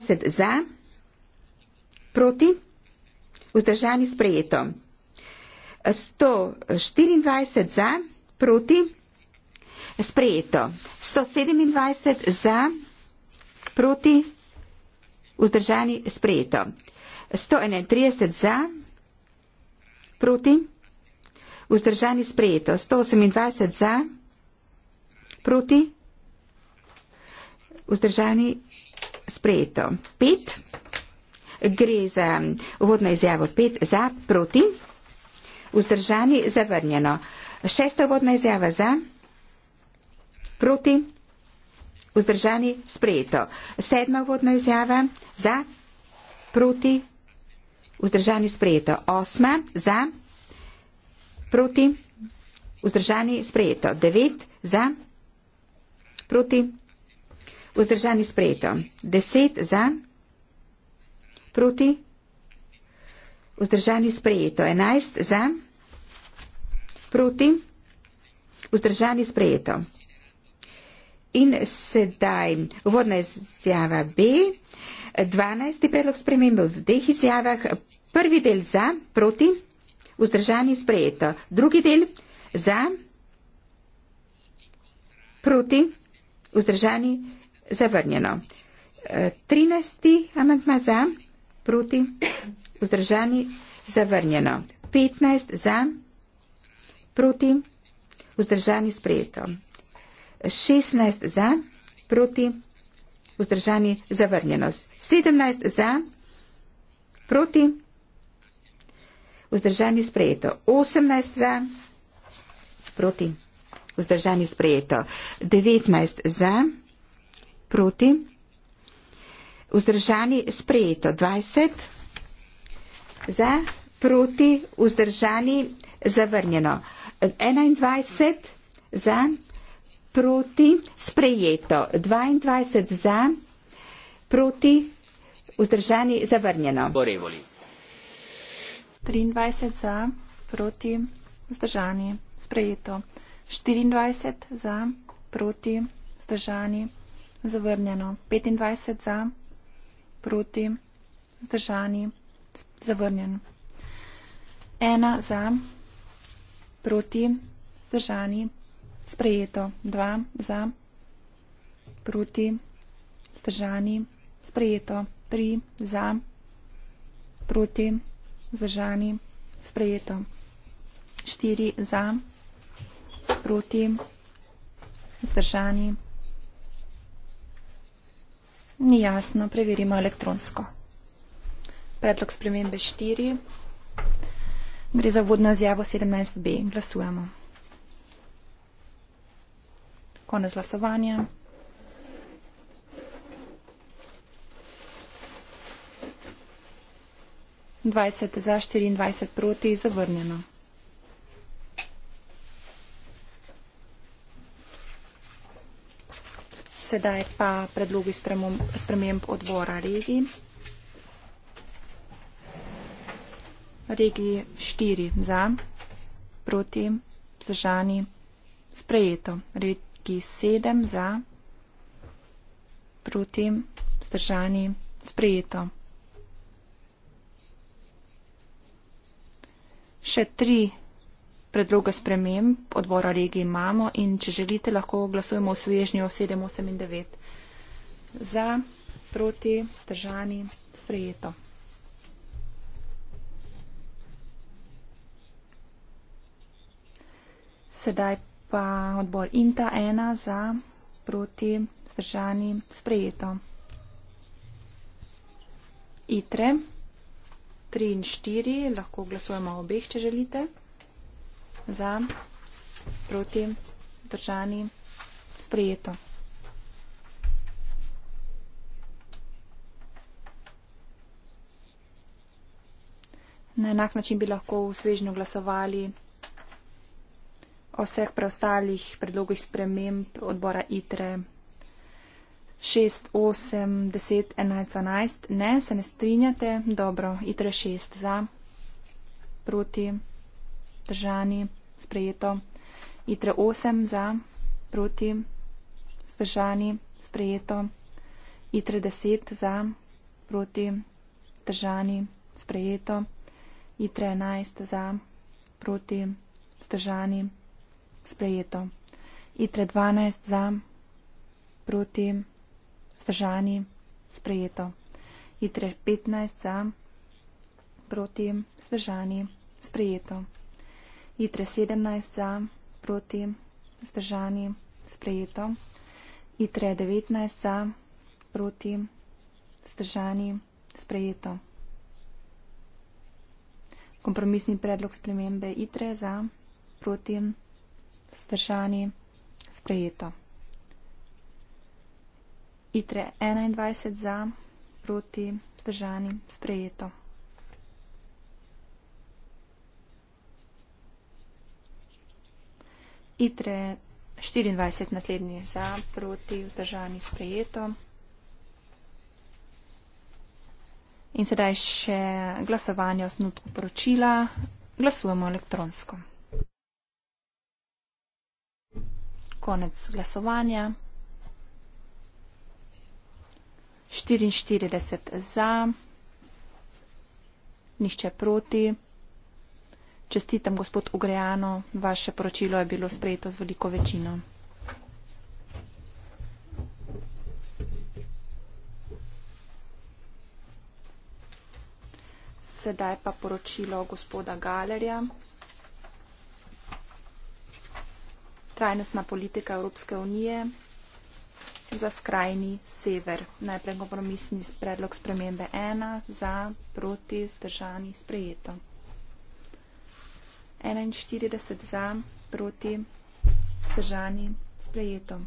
20 za, proti, vzdržani sprejeto. 124 za, proti, sprejeto. 127 za, proti, vzdržani sprejeto. 131 za, proti, vzdržani sprejeto. 128 za, proti, vzdržani sprejeto sprejeto. Pet gre za uvodno izjavo pet za, proti, vzdržani, zavrnjeno. Šesta uvodna izjava za, proti, vzdržani, sprejeto. Sedma uvodna izjava za, proti, vzdržani, sprejeto. Osma za, proti, vzdržani, sprejeto. Devet za, proti, vzdržani vzdržani sprejeto. Deset za, proti, vzdržani sprejeto. Enajst za, proti, vzdržani sprejeto. In sedaj uvodna izjava B, dvanajsti predlog spremembe v dveh izjavah, prvi del za, proti, vzdržani sprejeto, drugi del za, proti, vzdržani zavrnjeno. 13. E, amantma za, proti, vzdržani, zavrnjeno. 15. za, proti, vzdržani, sprejeto. 16. za, proti, vzdržani, zavrnjeno. 17. za, proti, vzdržani, sprejeto. 18. za, proti, vzdržani, sprejeto. 19. za, proti, proti. Vzdržani sprejeto 20, za, proti, vzdržani zavrnjeno 21, za, proti, sprejeto 22, za, proti, vzdržani zavrnjeno. Borevoli. 23 za, proti, vzdržani, sprejeto. 24 za, proti, vzdržani, zavrnjeno. 25 za, proti, vzdržani, zavrnjen. 1 za, proti, vzdržani, sprejeto. 2 za, proti, vzdržani, sprejeto. 3 za, proti, vzdržani, sprejeto. 4 za, proti, vzdržani, sprejeto. Ni jasno, preverimo elektronsko. Predlog spremembe 4. Gre za vodno izjavo 17b. Glasujemo. Konec glasovanja. Dvajset za štiriindvajset proti zavrnjeno. Sedaj pa predlogi sprememb odbora regij. Regiji štiri za, proti, zdržani, sprejeto. Regiji sedem za, proti, zdržani, sprejeto. Še tri predloga sprememb odbora regije imamo in če želite, lahko glasujemo v svežnju 7, 8 in 9. Za, proti, stržani, sprejeto. Sedaj pa odbor INTA 1 za, proti, stržani, sprejeto. ITRE 3 in 4, lahko glasujemo obeh, če želite za, proti, držani, sprejeto. Na enak način bi lahko v svežnju glasovali o vseh preostalih predlogih sprememb odbora ITRE 6, 8, 10, 11, 12. Ne, se ne strinjate? Dobro, ITRE 6 za, proti, držani sprejeto. ITRE 8 za, proti, zdržani, sprejeto. ITRE 10 za, proti, zdržani, sprejeto. ITRE 11 za, proti, zdržani, sprejeto. ITRE 12 za, proti, zdržani, sprejeto. ITRE 15 za, proti, zdržani, sprejeto. Itre 17 za, proti, zdržani, sprejeto. Itre 19 za, proti, zdržani, sprejeto. Kompromisni predlog spremembe Itre za, proti, zdržani, sprejeto. Itre 21 za, proti, zdržani, sprejeto. ITRE 24 naslednji za, proti, vzdržani sprejeto. In sedaj še glasovanje o snutku poročila. Glasujemo elektronsko. Konec glasovanja. 44 za, nišče proti. Čestitam, gospod Ugrejano, vaše poročilo je bilo sprejeto z veliko večino. Sedaj pa poročilo gospoda Galerja. Trajnostna politika Evropske unije za skrajni sever. Najprej kompromisni predlog spremembe 1 za proti vzdržani sprejeto. 41 za, proti, vzdržani, sprejeto.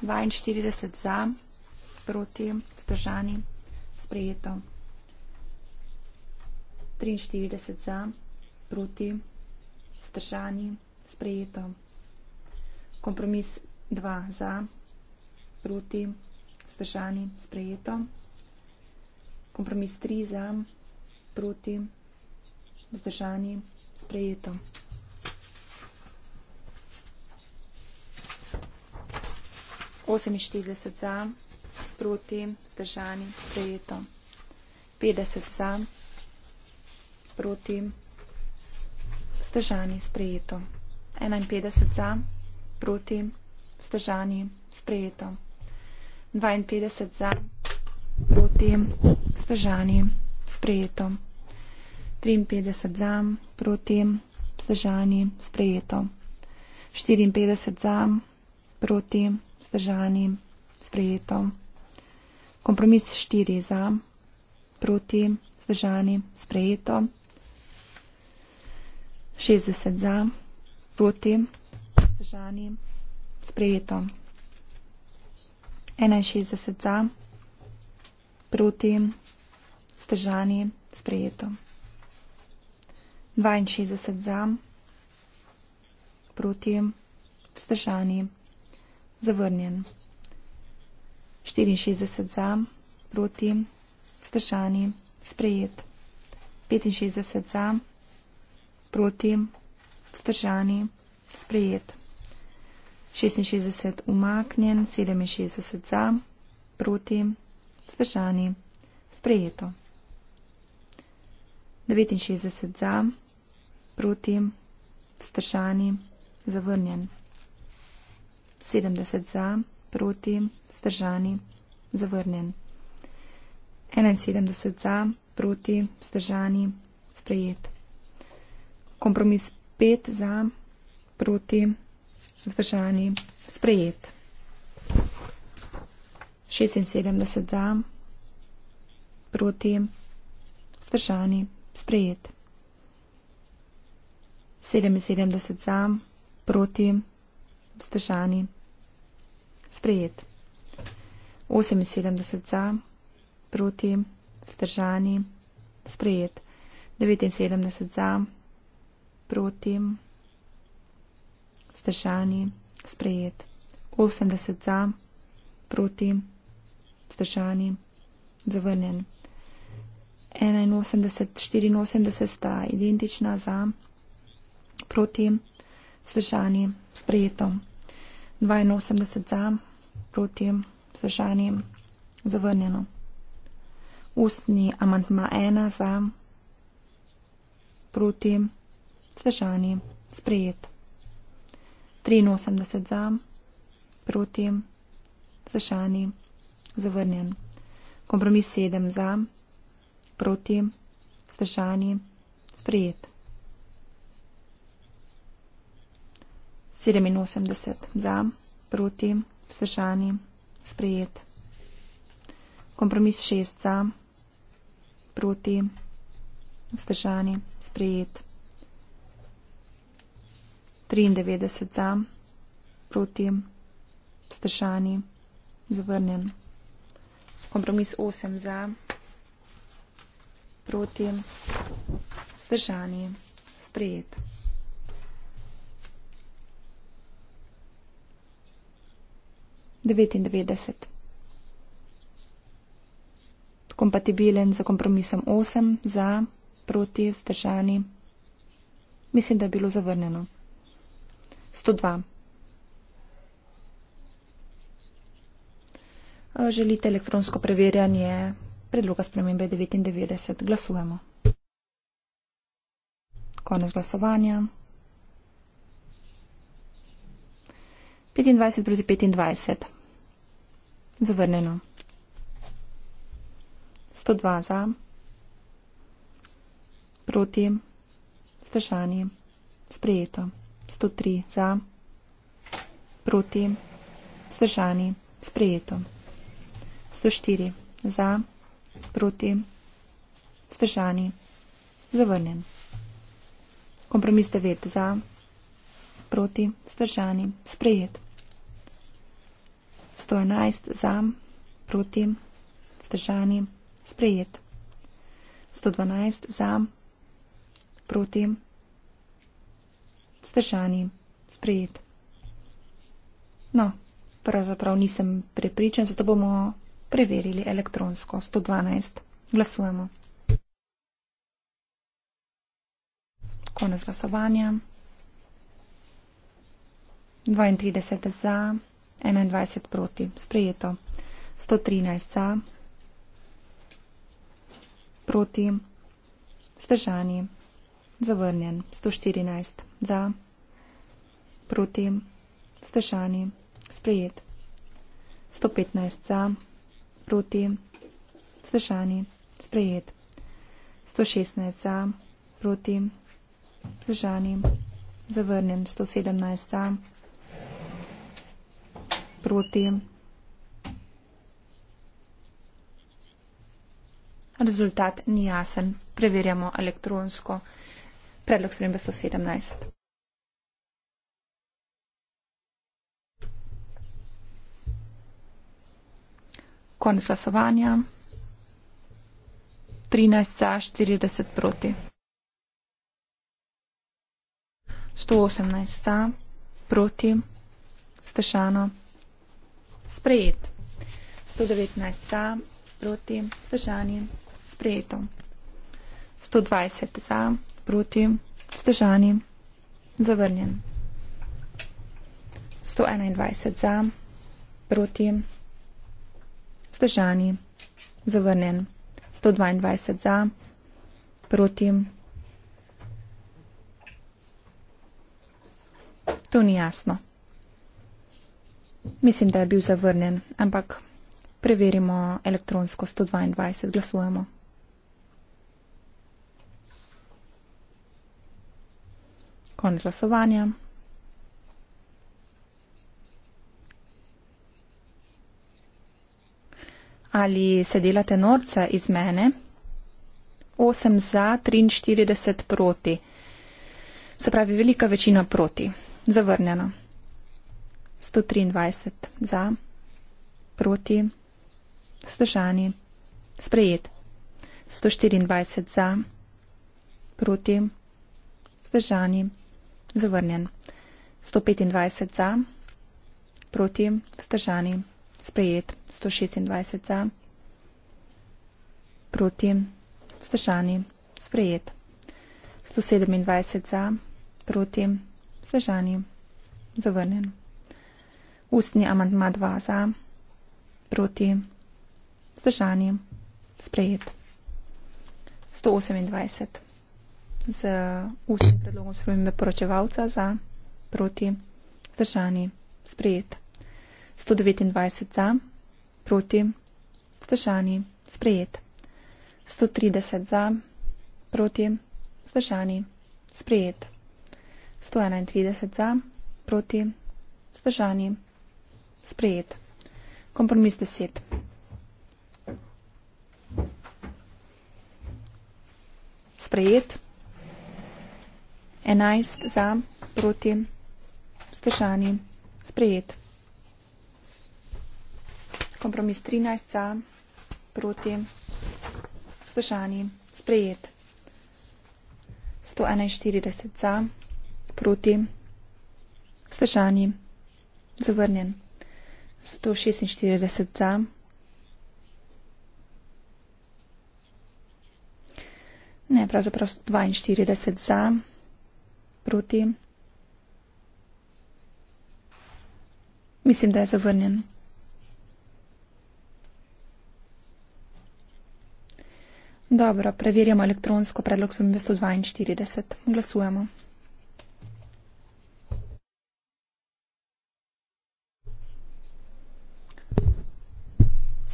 42 za, proti, vzdržani, sprejeto. 43 za, proti, vzdržani, sprejeto. Kompromis 2 za, proti, vzdržani, sprejeto. Kompromis 3 za, proti, vzdržani, sprejeto vzdržani, sprejeto. Osem in štirideset za, proti, vzdržani, sprejeto. Petdeset za, proti, vzdržani, sprejeto. Enainpetdeset za, proti, vzdržani, sprejeto. Dvainpetdeset za, proti, vzdržani, sprejeto. 53 za, proti, vzdržani, sprejeto. 54 za, proti, vzdržani, sprejeto. Kompromis 4 za, proti, vzdržani, sprejeto. 60 za, proti, vzdržani, sprejeto. 61 za, proti, vzdržani, sprejeto. 62 za, proti, vzdržani, zavrnjen. 64 za, proti, vzdržani, sprejet. 65 za, proti, vzdržani, sprejet. 66 umaknjen, 67 za, proti, vzdržani, sprejeto. 69 za, proti, vzdržani, sprejeto proti, vzdržani, zavrnjen. 70 za, proti, vzdržani, zavrnjen. 71 za, proti, vzdržani, sprejet. Kompromis 5 za, proti, vzdržani, sprejet. 76 za, proti, vzdržani, sprejet. 77 za, proti, vzdržani, sprejet. 78 za, proti, vzdržani, sprejet. 79 za, proti, vzdržani, sprejet. 80 za, proti, vzdržani, zavrnjen. 81, 84 sta identična za proti, vzdržani, sprejeto. 82 za, proti, vzdržani, zavrnjeno. Ustni amantma 1 za, proti, vzdržani, sprejet. 83 za, proti, vzdržani, zavrnjen. Kompromis 7 za, proti, vzdržani, sprejet. 87 za, proti, vzdržani, sprejet. Kompromis 6 za, proti, vzdržani, sprejet. 93 za, proti, vzdržani, zavrnjen. Kompromis 8 za, proti, vzdržani, sprejet. 99. Kompatibilen za kompromisom 8, za, proti, vzdržani. Mislim, da je bilo zavrnjeno. 102. Želite elektronsko preverjanje predloga spremembe 99. Glasujemo. Konec glasovanja. 25 proti 25. Zavrnjeno. 102 za. Proti. Stršani. Sprejeto. 103 za. Proti. Stršani. Sprejeto. 104 za. Proti. Stršani. Zavrnjen. Kompromis 9 za. Proti. Stršani. Sprejeto. 111 za, proti, zdržani, sprejet. 112 za, proti, zdržani, sprejet. No, pravzaprav nisem prepričan, zato bomo preverili elektronsko. 112. Glasujemo. Konec glasovanja. 32 za. 21 proti. Sprejeto. 113 za. Proti. Zdržani. Zavrnjen. 114 za. Proti. Zdržani. Sprejet. 115 za. Proti. Zdržani. Sprejet. 116 za. Proti. Zdržani. Zavrnjen. 117 za proti. Rezultat ni jasen. Preverjamo elektronsko. Predlog spremembe 117. Konec glasovanja. 13 za 40 proti. 118 za proti. Stešano sprejet. 119 za, proti, vzdržanje, sprejeto. 120 za, proti, vzdržanje, zavrnjen. 121 za, proti, vzdržanje, zavrnjen. 122 za, proti. To ni jasno. Mislim, da je bil zavrnen, ampak preverimo elektronsko 122. Glasujemo. Konec glasovanja. Ali se delate norca iz mene? 8 za, 43 proti. Se pravi, velika večina proti. Zavrnjeno. 123 za, proti, vzdržani, sprejet. 124 za, proti, vzdržani, zavrnjen. 125 za, proti, vzdržani, sprejet. 126 za, proti, vzdržani, sprejet. 127 za, proti, vzdržani, zavrnjen ustni amantma 2 za, proti, zdržanje, sprejet. 128 z ustnim predlogom spremembe poročevalca za, proti, zdržanje, sprejet. 129 za, proti, zdržanje, sprejet. 130 za, proti, zdržanje, sprejet. 131 za, proti, zdržanje, sprejet. Sprejet. Kompromis deset. Sprejet. Enajst za, proti, vzdržani. Sprejet. Kompromis trinajst za, proti, vzdržani. Sprejet. 141 za, proti, vzdržani, zavrnjen. 146 za. Ne, pravzaprav 42 za, proti. Mislim, da je zavrnjen. Dobro, preverjamo elektronsko predlog 142. Glasujemo.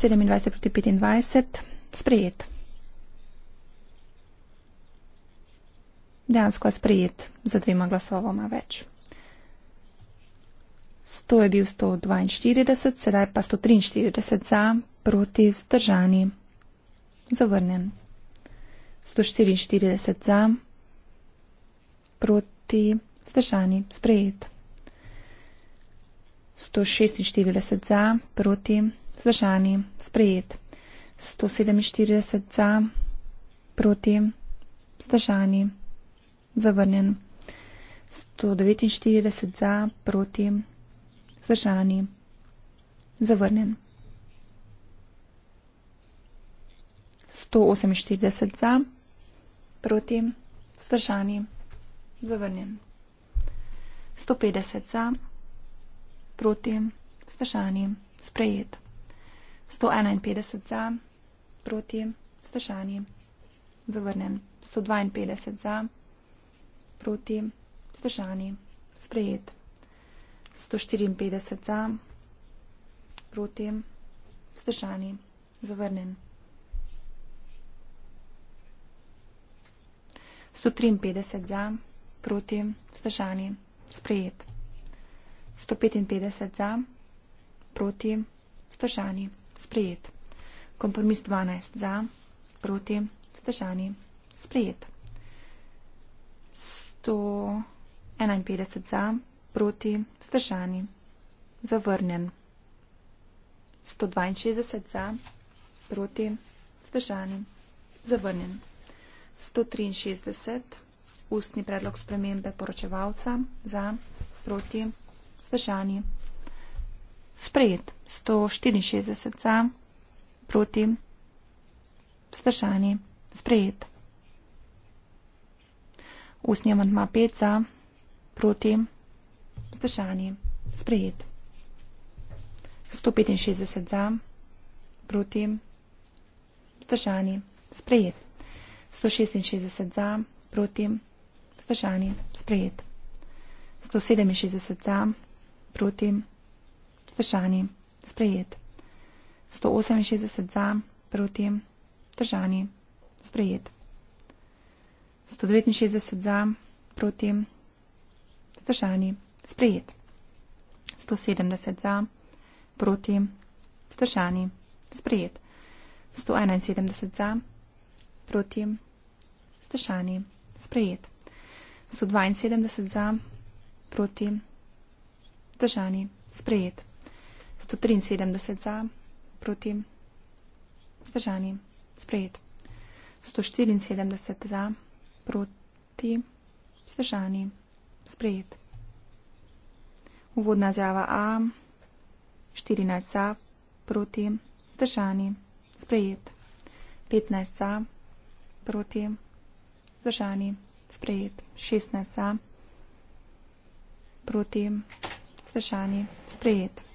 27 proti 25, sprejet. Dejansko je sprejet za dvema glasovoma več. 100 je bil 142, sedaj pa 143 za, proti vzdržani, zavrnen. 144 za, proti vzdržani, sprejet. 146 za, proti vzdržani. Zdržani, sprejet. 147 za, proti, zdržani, zavrnjen. 149 za, proti, zdržani, zavrnjen. 148 za, proti, vzdržani, zavrnjen. 150 za, proti, vzdržani, sprejet. 151 za, proti, vzdržani, zavrnen. 152 za, proti, vzdržani, sprejet. 154 za, proti, vzdržani, zavrnen. 153 za, proti, vzdržani, sprejet. 155 za, proti, vzdržani, zavrnen sprejet. Kompromis 12 za, proti, vzdržani, sprejet. 151 za, proti, vzdržani, zavrnjen. 162 za, proti, vzdržani, zavrnjen. 163 ustni predlog spremembe poročevalca za, proti, vzdržani, sprejet 164 za proti vzdržani sprejet. Ustni amantma 5 za proti vzdržani sprejet. 165 za proti vzdržani sprejet. 166 za proti vzdržani sprejet. 167 za proti vzdržani sprejet. Zdržani. Sprejet. 168 za. Proti. Zdržani. Sprejet. 169 za. Proti. Zdržani. Sprejet. 170 za. Proti. Zdržani. Sprejet. 171 za. Proti. Zdržani. Sprejet. 172 za. Proti. Zdržani. Sprejet. 173 za, proti vzdržani, sprejet. 174 za, proti vzdržani, sprejet. Uvodna zjava A, 14 za, proti vzdržani, sprejet. 15 za, proti vzdržani, sprejet. 16 za, proti vzdržani, sprejet. 17.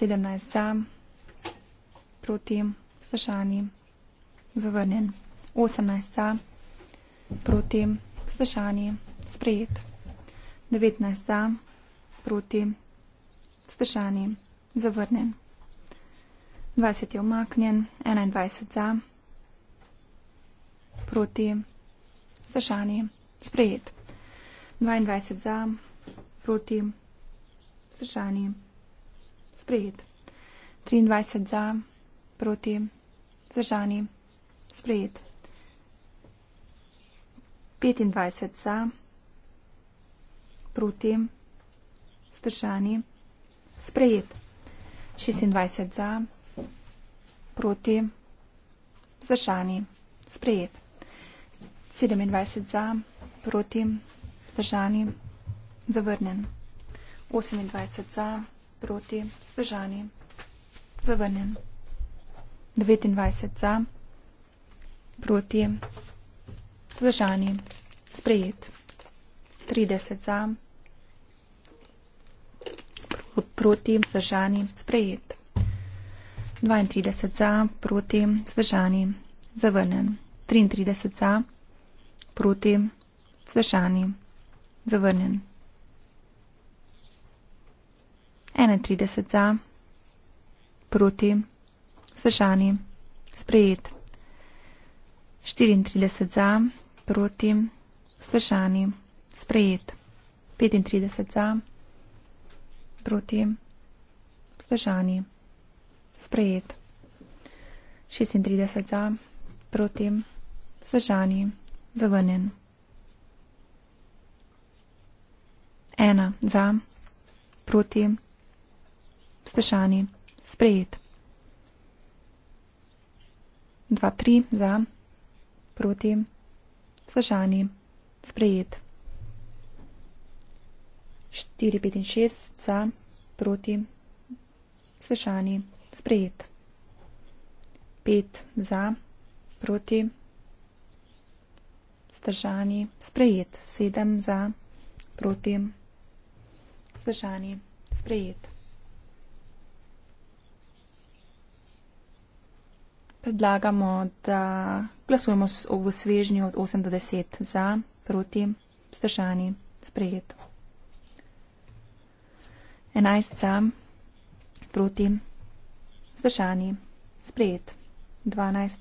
17 za, proti, vzdržani, zavrnjen. 18 za, proti, vzdržani, sprejet. 19 za, proti, vzdržani, zavrnjen. 20 je omaknjen, 21 za, proti, vzdržani, sprejet. 22 za, proti, vzdržani, sprejet sprejet. 23 za, proti, zdržani, sprejet. 25 za, proti, zdržani, sprejet. 26 za, proti, zdržani, sprejet. 27 za, proti, zdržani, zavrnjen. 28 za, proti, zdržani, zavrnjen. 28 za, proti vzdržani. Zavrnjen. 29 za, proti vzdržani. Sprejet. 30 za, proti vzdržani. Sprejet. 32 za, proti vzdržani. Zavrnjen. 33 za, proti vzdržani. Zavrnjen. 31 za, proti, vzdržani, sprejet. 34 za, proti, vzdržani, sprejet. 35 za, proti, vzdržani, sprejet. 36 za, proti, vzdržani, zavrnjen. 1 za, proti, vzdržani vzdržani, sprejet. Dva, tri, za, proti, vzdržani, sprejet. Štiri, pet in šest, za, proti, vzdržani, sprejet. Pet, za, proti, vzdržani, sprejet. Sedem, za, proti, vzdržani, sprejet. predlagamo, da glasujemo v svežnju od 8 do 10 za, proti, vzdržani, sprejet. 11 za, proti, vzdržani, sprejet. 12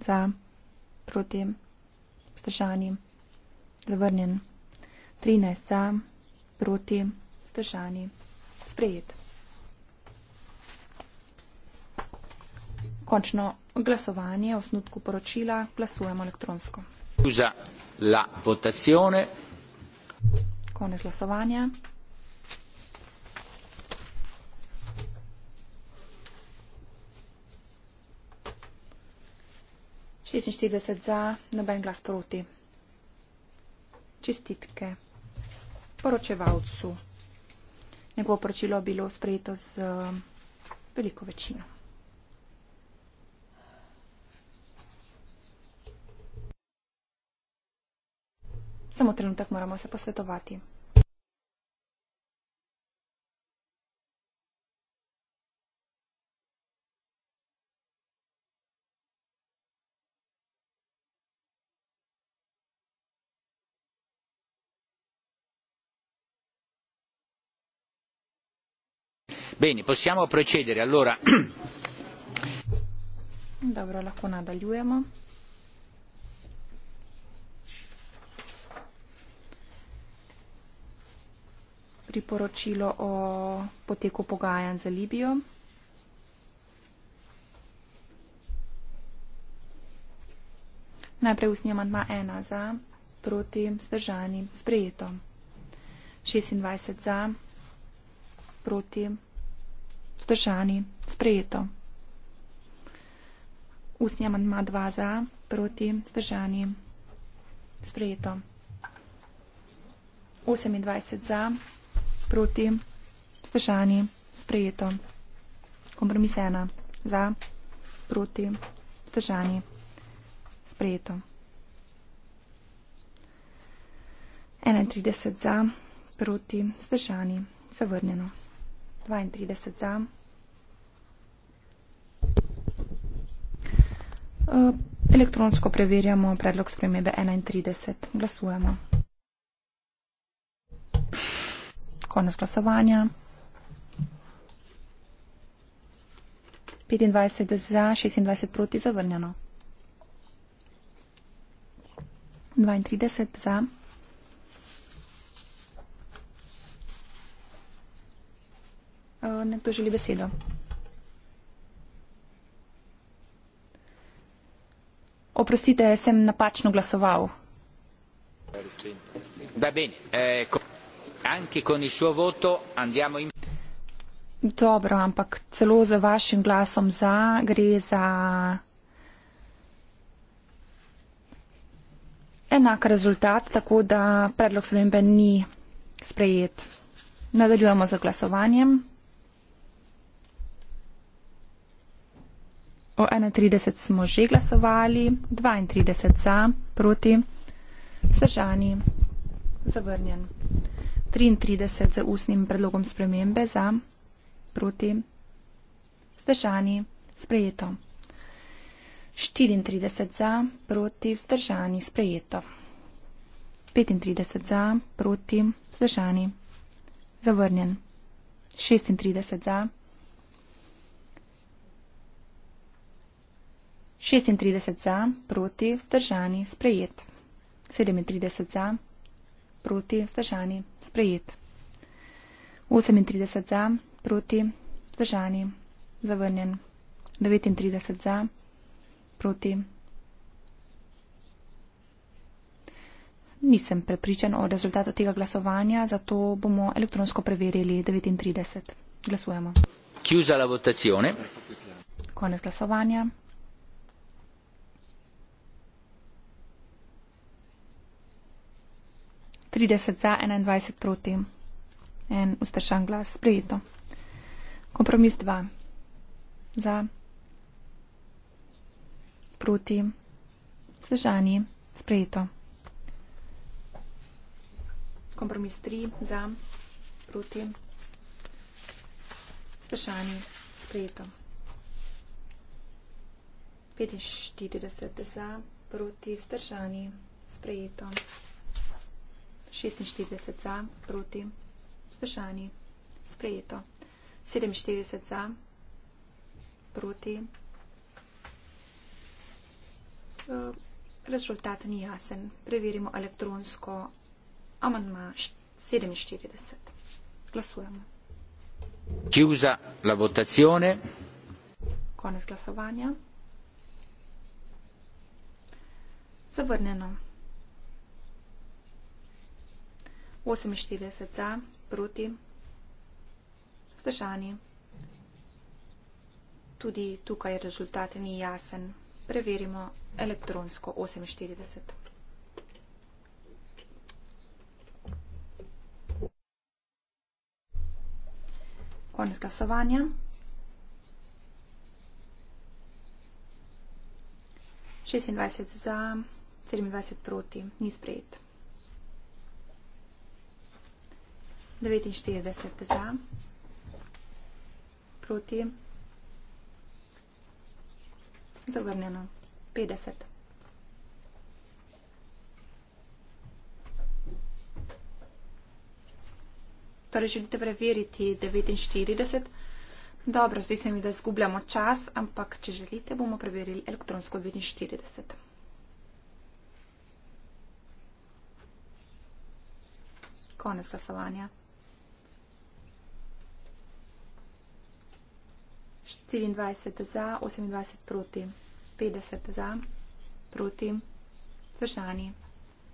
za, proti, vzdržani, zavrnjen. 13 za, proti, vzdržani, sprejet. Končno glasovanje o snutku poročila glasujemo elektronsko. Za la votazione. Konec glasovanja. Šestinštirideset za, noben glas proti. Čestitke poročevalcu. Njegovo poročilo bilo sprejeto z eh, veliko večino. Samo trenutek moramo se posvetovati. Bene, possiamo procedere allora. Dobro, lahko nadaljujemo. priporočilo o poteku pogajanj za Libijo. Najprej ustni amantma ena za, proti, zdržani, sprejeto. 26 za, proti, zdržani, sprejeto. Ustni amantma dva za, proti, zdržani, sprejeto. 28 za, proti, zdržani, sprejeto. 28 za, proti, vzdržani, sprejeto. Kompromis ena, za, proti, vzdržani, sprejeto. 31 za, proti, vzdržani, zavrnjeno. 32 za. Elektronsko preverjamo predlog spremebe 31. Glasujemo. Konec glasovanja. 25 za, 26 proti, zavrnjeno. 32 za. E, nekdo želi besedo. Oprostite, sem napačno glasoval. Va bene, eh, anche con il suo voto andiamo in. Dobro, ampak celo z vašim glasom za gre za enak rezultat, tako da predlog spremembe ni sprejet. Nadaljujemo z glasovanjem. O 31 smo že glasovali, 32 za, proti, vzdržani, zavrnjen. 33 z ustnim predlogom spremembe za, proti, vzdržani, sprejeto. 34 za, proti, vzdržani, sprejeto. 35 za, proti, vzdržani, zavrnjen. 36 za. 36 za, proti, vzdržani, sprejet. 37 za, proti, vzdržani, sprejet proti, vzdržani, sprejet. 38 za, proti, vzdržani, zavrnjen. 39 za, proti. Nisem prepričan o rezultatu tega glasovanja, zato bomo elektronsko preverili 39. Glasujemo. Konec glasovanja. 30 za, 21 proti. En ustrašan glas, sprejeto. Kompromis 2. Za, proti, vzdržani, sprejeto. Kompromis 3. Za, proti, vzdržani, sprejeto. 45 za, proti, vzdržani, sprejeto. 46 za, proti, vzdržani, sprejeto. 47 za, proti. E, rezultat ni jasen. Preverimo elektronsko amandma 47. Glasujemo. Chiusa la votazione. Konec glasovanja. Zavrnjeno. 48 za, proti, vzdržani. Tudi tukaj rezultat ni jasen. Preverimo elektronsko 48. Konec glasovanja. Šestindvajset za, sedemindvajset proti, ni sprejet. 49 za, proti, zavrnjeno, 50. Torej, želite preveriti 49? Dobro, zdi se mi, da zgubljamo čas, ampak če želite, bomo preverili elektronsko 49. Konec glasovanja. 24 za, 28 proti, 50 za, proti, vzdržani.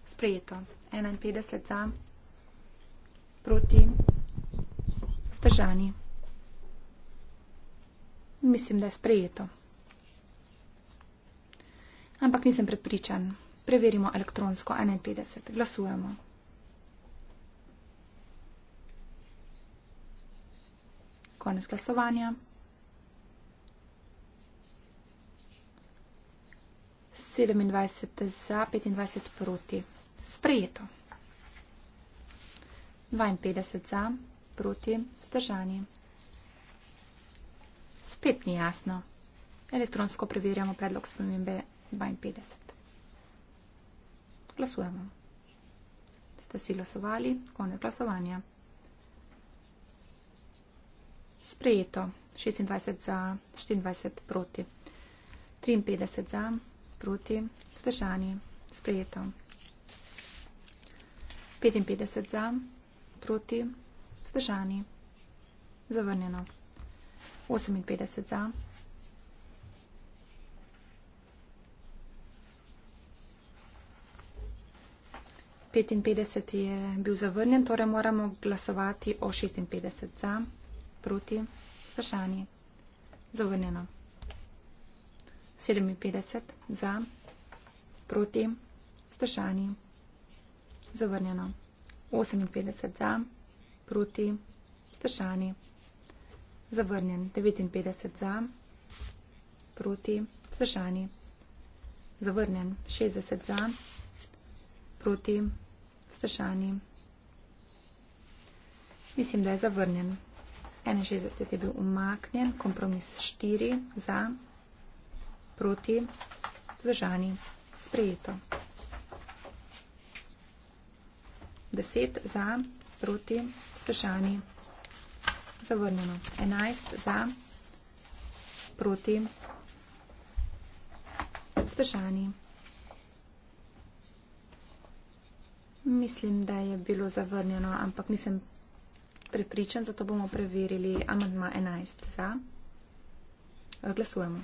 Sprejeto. 51 za, proti, vzdržani. Mislim, da je sprejeto. Ampak nisem prepričan. Preverimo elektronsko. 51. Glasujemo. Konec glasovanja. 27 za, 25 proti. Sprejeto. 52 za, proti, vzdržani. Spet ni jasno. Elektronsko preverjamo predlog spremembe 52. Glasujemo. Ste vsi glasovali? Konec glasovanja. Sprejeto. 26 za, 24 proti. 53 za proti, vzdržani, sprejeto. 55 za, proti, vzdržani, zavrnjeno. 58 za. je bil zavrnjen, torej moramo glasovati o 56 za, proti, vzdržani, zavrnjeno. 57 za, proti, vzdržani, zavrnjeno. 58 za, proti, vzdržani, zavrnjen. 59 za, proti, vzdržani, zavrnjen. 60 za, proti, vzdržani. Mislim, da je zavrnjen. 61 je bil umaknjen, kompromis 4 za, proti, vzdržani proti vzdržani sprejeto. Deset za proti vzdržani zavrnjeno. Enajst za proti vzdržani. Mislim, da je bilo zavrnjeno, ampak nisem prepričan, zato bomo preverili amandma 11 za. Glasujemo.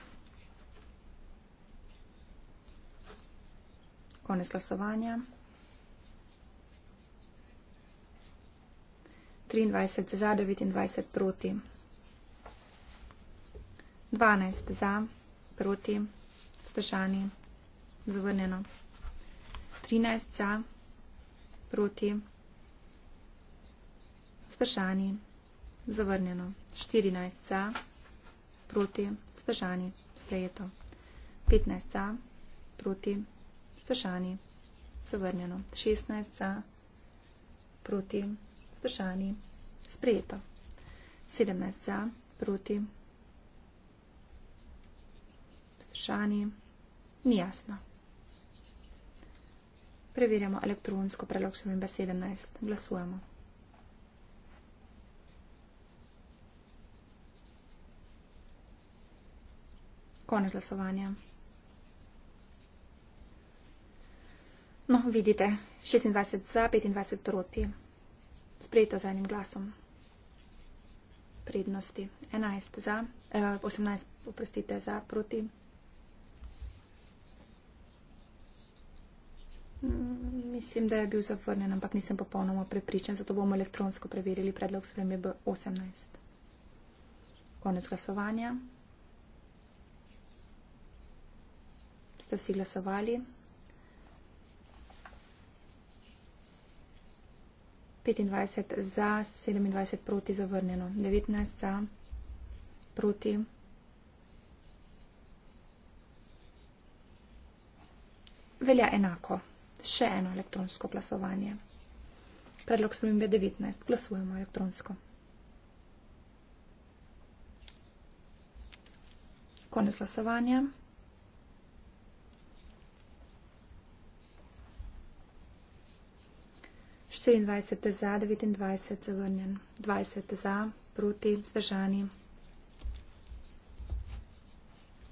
Konec glasovanja. 23 za, 29 proti. 12 za, proti, vzdržani, zavrnjeno. 13 za, proti, vzdržani, zavrnjeno. 14 za, proti, vzdržani, sprejeto. 15 za, proti, vzdržani vzdržani, zavrnjeno, 16 za, proti, vzdržani, sprejeto, 17 za, proti, vzdržani, ni jasno. Preverjamo elektronsko prelog šemembe 17, glasujemo. Konec glasovanja. No, vidite, 26 za, 25 proti. Sprejeto z enim glasom. Prednosti. 11 za, eh, 18, oprostite, za, proti. Mm, mislim, da je bil zavrnen, ampak nisem popolnoma prepričan, zato bomo elektronsko preverili predlog spremembe B18. Konec glasovanja. Ste vsi glasovali? 25 za, 27 proti zavrnjeno, 19 za, proti. Velja enako. Še eno elektronsko glasovanje. Predlog spremembe 19. Glasujemo elektronsko. Konec glasovanja. 23 za, 29 zavrnjen, 20 za, proti, vzdržani.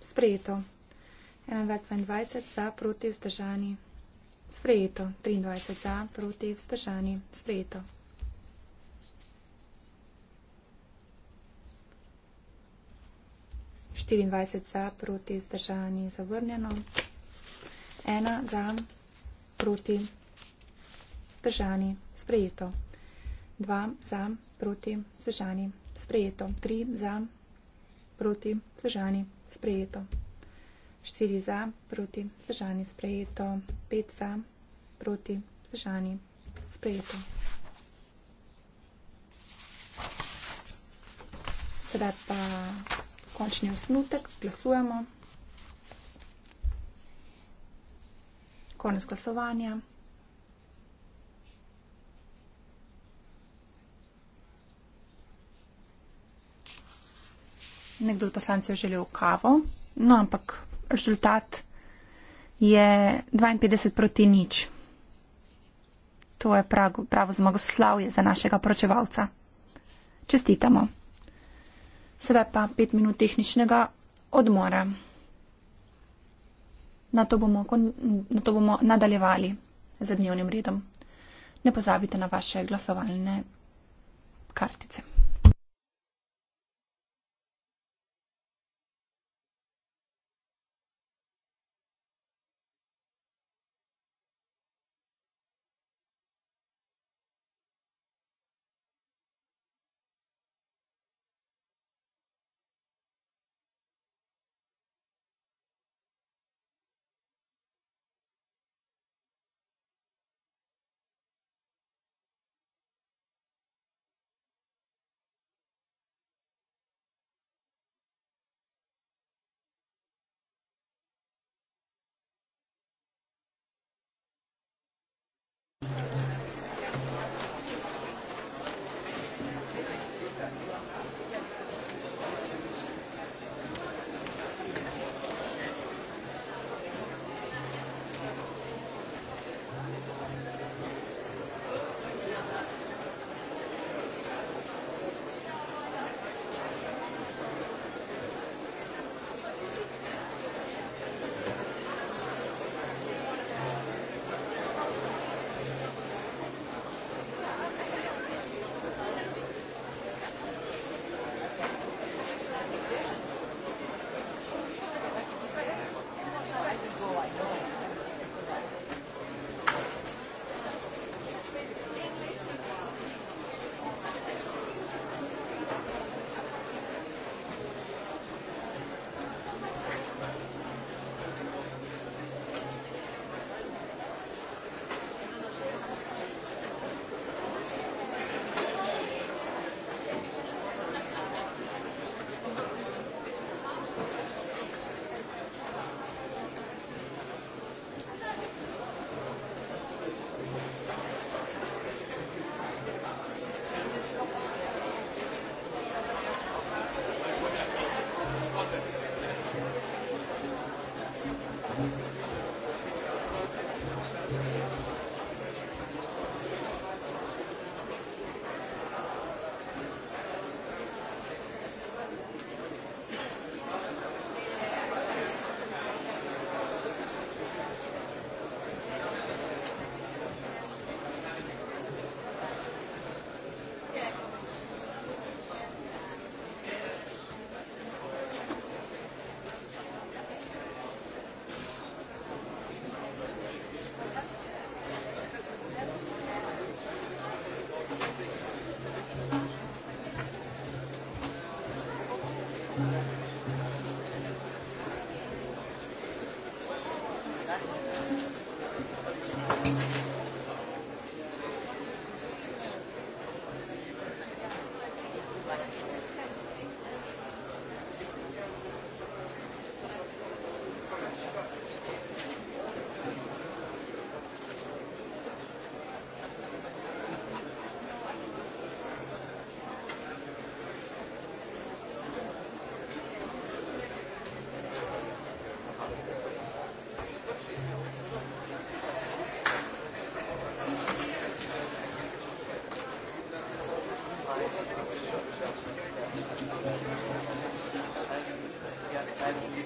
Sprejeto. 21, 22 za, proti, vzdržani. Sprejeto. 23 za, proti, vzdržani. Sprejeto. Štiriindvajset za, proti, vzdržani, zavrnjeno, ena za, proti, zdržani, sprejeto. 2 za, proti, zdržani, sprejeto. 3 za, proti, zdržani, sprejeto. 4 za, proti, zdržani, sprejeto. 5 za, proti, zdržani, sprejeto. Sedaj pa končni osnutek, glasujemo. Konec glasovanja. nekdo od poslancev želel kavo, no ampak rezultat je 52 proti nič. To je pravo, pravo zmagoslavje za našega pročevalca. Čestitamo. Sedaj pa pet minut tehničnega odmora. Na to bomo, na to bomo nadaljevali z dnevnim redom. Ne pozabite na vaše glasovalne kartice.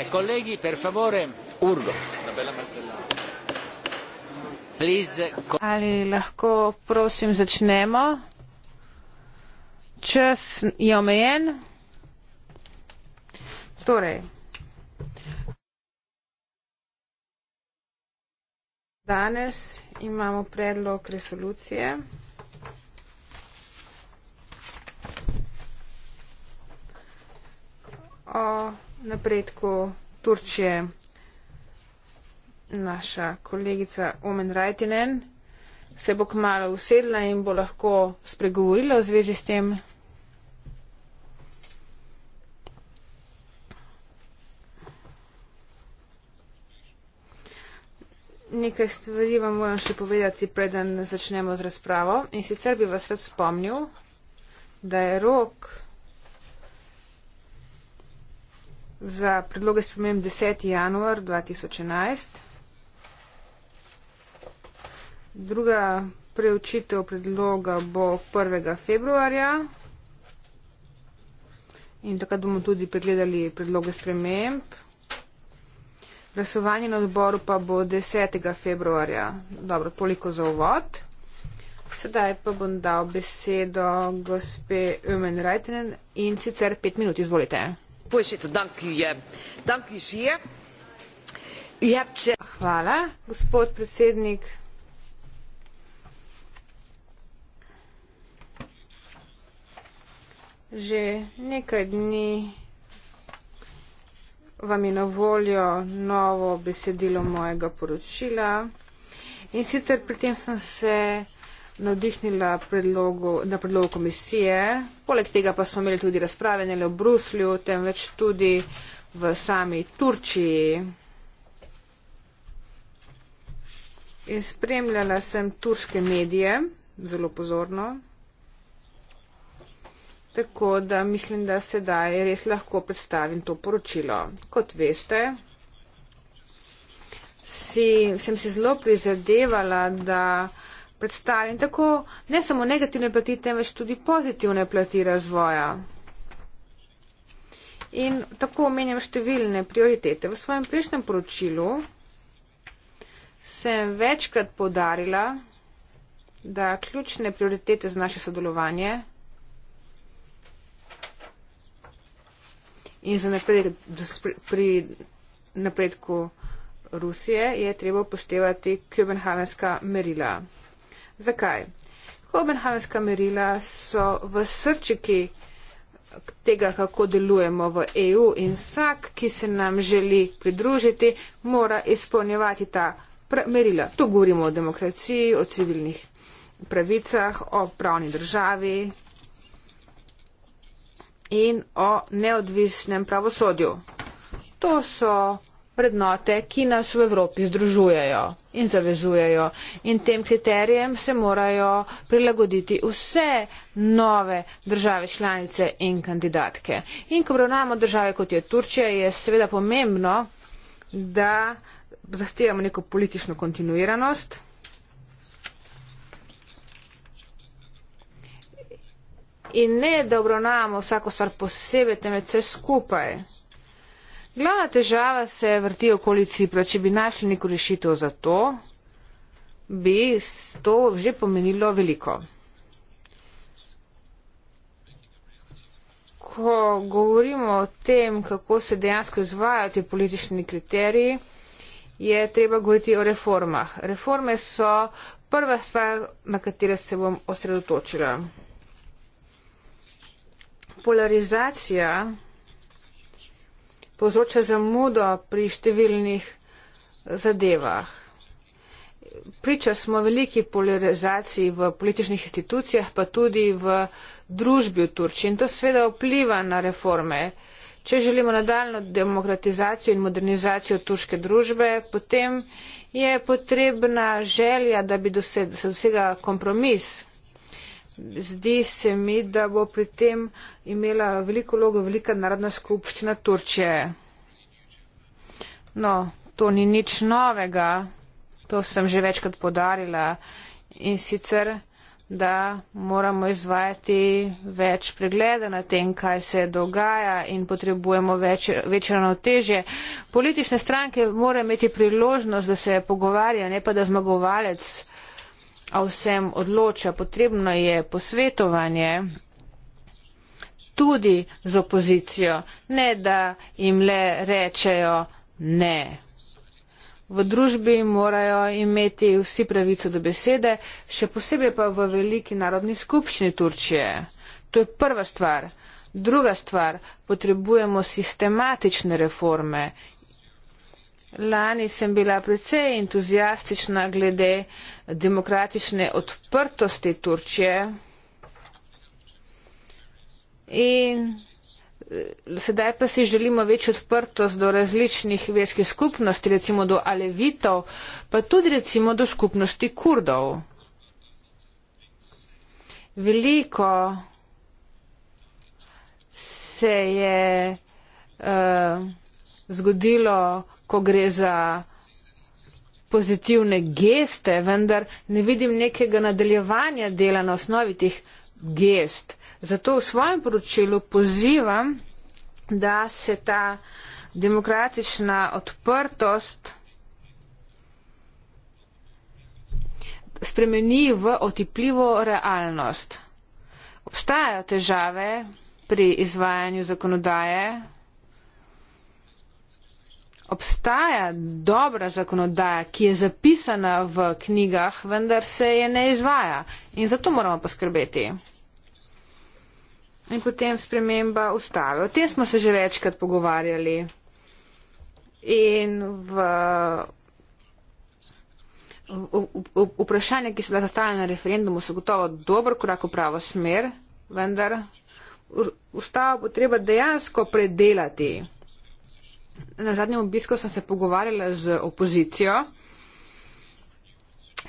Eh, colleghi per favore urlo una bella Please, eh, co- ali lahko prosim začnemo čas je omejen torej danes imamo predlog resolucije o napredku Turčije naša kolegica Omen Rajtinen se bo kmalo usedla in bo lahko spregovorila v zvezi s tem. Nekaj stvari vam moram še povedati, preden začnemo z razpravo. In sicer bi vas rad spomnil, da je rok za predloge spremem 10. januar 2011. Druga preučitev predloga bo 1. februarja in takrat bomo tudi pregledali predloge sprememb. Glasovanje na odboru pa bo 10. februarja. Dobro, toliko za uvod. Sedaj pa bom dal besedo gospe Umen Reitenen in sicer pet minut, izvolite voorzitter dank u eh, dank u zeer u hebt eh, hvala gospod predsednik že nekaj dni vam je na voljo novo besedilo mojega poročila in sicer pri tem sem se navdihnila predlogu, na predlogu komisije. Poleg tega pa smo imeli tudi razprave ne le v Bruslju, temveč tudi v sami Turčiji. In spremljala sem turške medije zelo pozorno. Tako da mislim, da sedaj res lahko predstavim to poročilo. Kot veste, si, sem si zelo prizadevala, da predstavi in tako ne samo negativne plati, temveč tudi pozitivne plati razvoja. In tako omenjam številne prioritete. V svojem prejšnjem poročilu sem večkrat podarila, da ključne prioritete za naše sodelovanje in za napredek pri napredku Rusije je treba upoštevati Kjubenhavenska merila. Zakaj? Kopenhagenska merila so v srčiki tega, kako delujemo v EU in vsak, ki se nam želi pridružiti, mora izpolnjevati ta merila. Tu govorimo o demokraciji, o civilnih pravicah, o pravni državi in o neodvisnem pravosodju. To so vrednote, ki nas v Evropi združujejo in zavezujejo. In tem kriterijem se morajo prilagoditi vse nove države članice in kandidatke. In ko obravnavamo države, kot je Turčija, je seveda pomembno, da zahtevamo neko politično kontinuiranost. In ne, da obravnavamo vsako stvar posebej, temveč vse skupaj. Glavna težava se vrti okoli Cipra. Če bi našli neko rešitev za to, bi to že pomenilo veliko. Ko govorimo o tem, kako se dejansko izvajajo ti politični kriteriji, je treba govoriti o reformah. Reforme so prva stvar, na katero se bom osredotočila. Polarizacija povzroča zamudo pri številnih zadevah. Priča smo veliki polarizaciji v političnih institucijah, pa tudi v družbi v Turčiji in to sveda vpliva na reforme. Če želimo nadaljno demokratizacijo in modernizacijo turške družbe, potem je potrebna želja, da bi dose, se dosega kompromis zdi se mi, da bo pri tem imela veliko vlogo velika narodna skupščina Turčije. No, to ni nič novega, to sem že večkrat podarila in sicer, da moramo izvajati več pregleda na tem, kaj se dogaja in potrebujemo več ravnotežje. Politične stranke morajo imeti priložnost, da se pogovarjajo, ne pa da zmagovalec o vsem odloča. Potrebno je posvetovanje tudi z opozicijo, ne da jim le rečejo ne. V družbi morajo imeti vsi pravico do besede, še posebej pa v veliki narodni skupščini Turčije. To je prva stvar. Druga stvar, potrebujemo sistematične reforme Lani sem bila precej entuzijastična glede demokratične odprtosti Turčije in eh, sedaj pa si želimo več odprtost do različnih verskih skupnosti, recimo do Alevitov, pa tudi recimo do skupnosti Kurdov. Veliko se je uh, zgodilo ko gre za pozitivne geste, vendar ne vidim nekega nadaljevanja dela na osnovi teh gest. Zato v svojem poročilu pozivam, da se ta demokratična odprtost spremeni v otipljivo realnost. Obstajajo težave pri izvajanju zakonodaje, obstaja dobra zakonodaja, ki je zapisana v knjigah, vendar se je ne izvaja in zato moramo poskrbeti. In potem sprememba ustave. O tem smo se že večkrat pogovarjali. In v, v, v, v vprašanja, ki so bila zastavljena na referendumu, so gotovo dober korak v pravo smer, vendar ustavo potreba dejansko predelati na zadnjem obisku sem se pogovarjala z opozicijo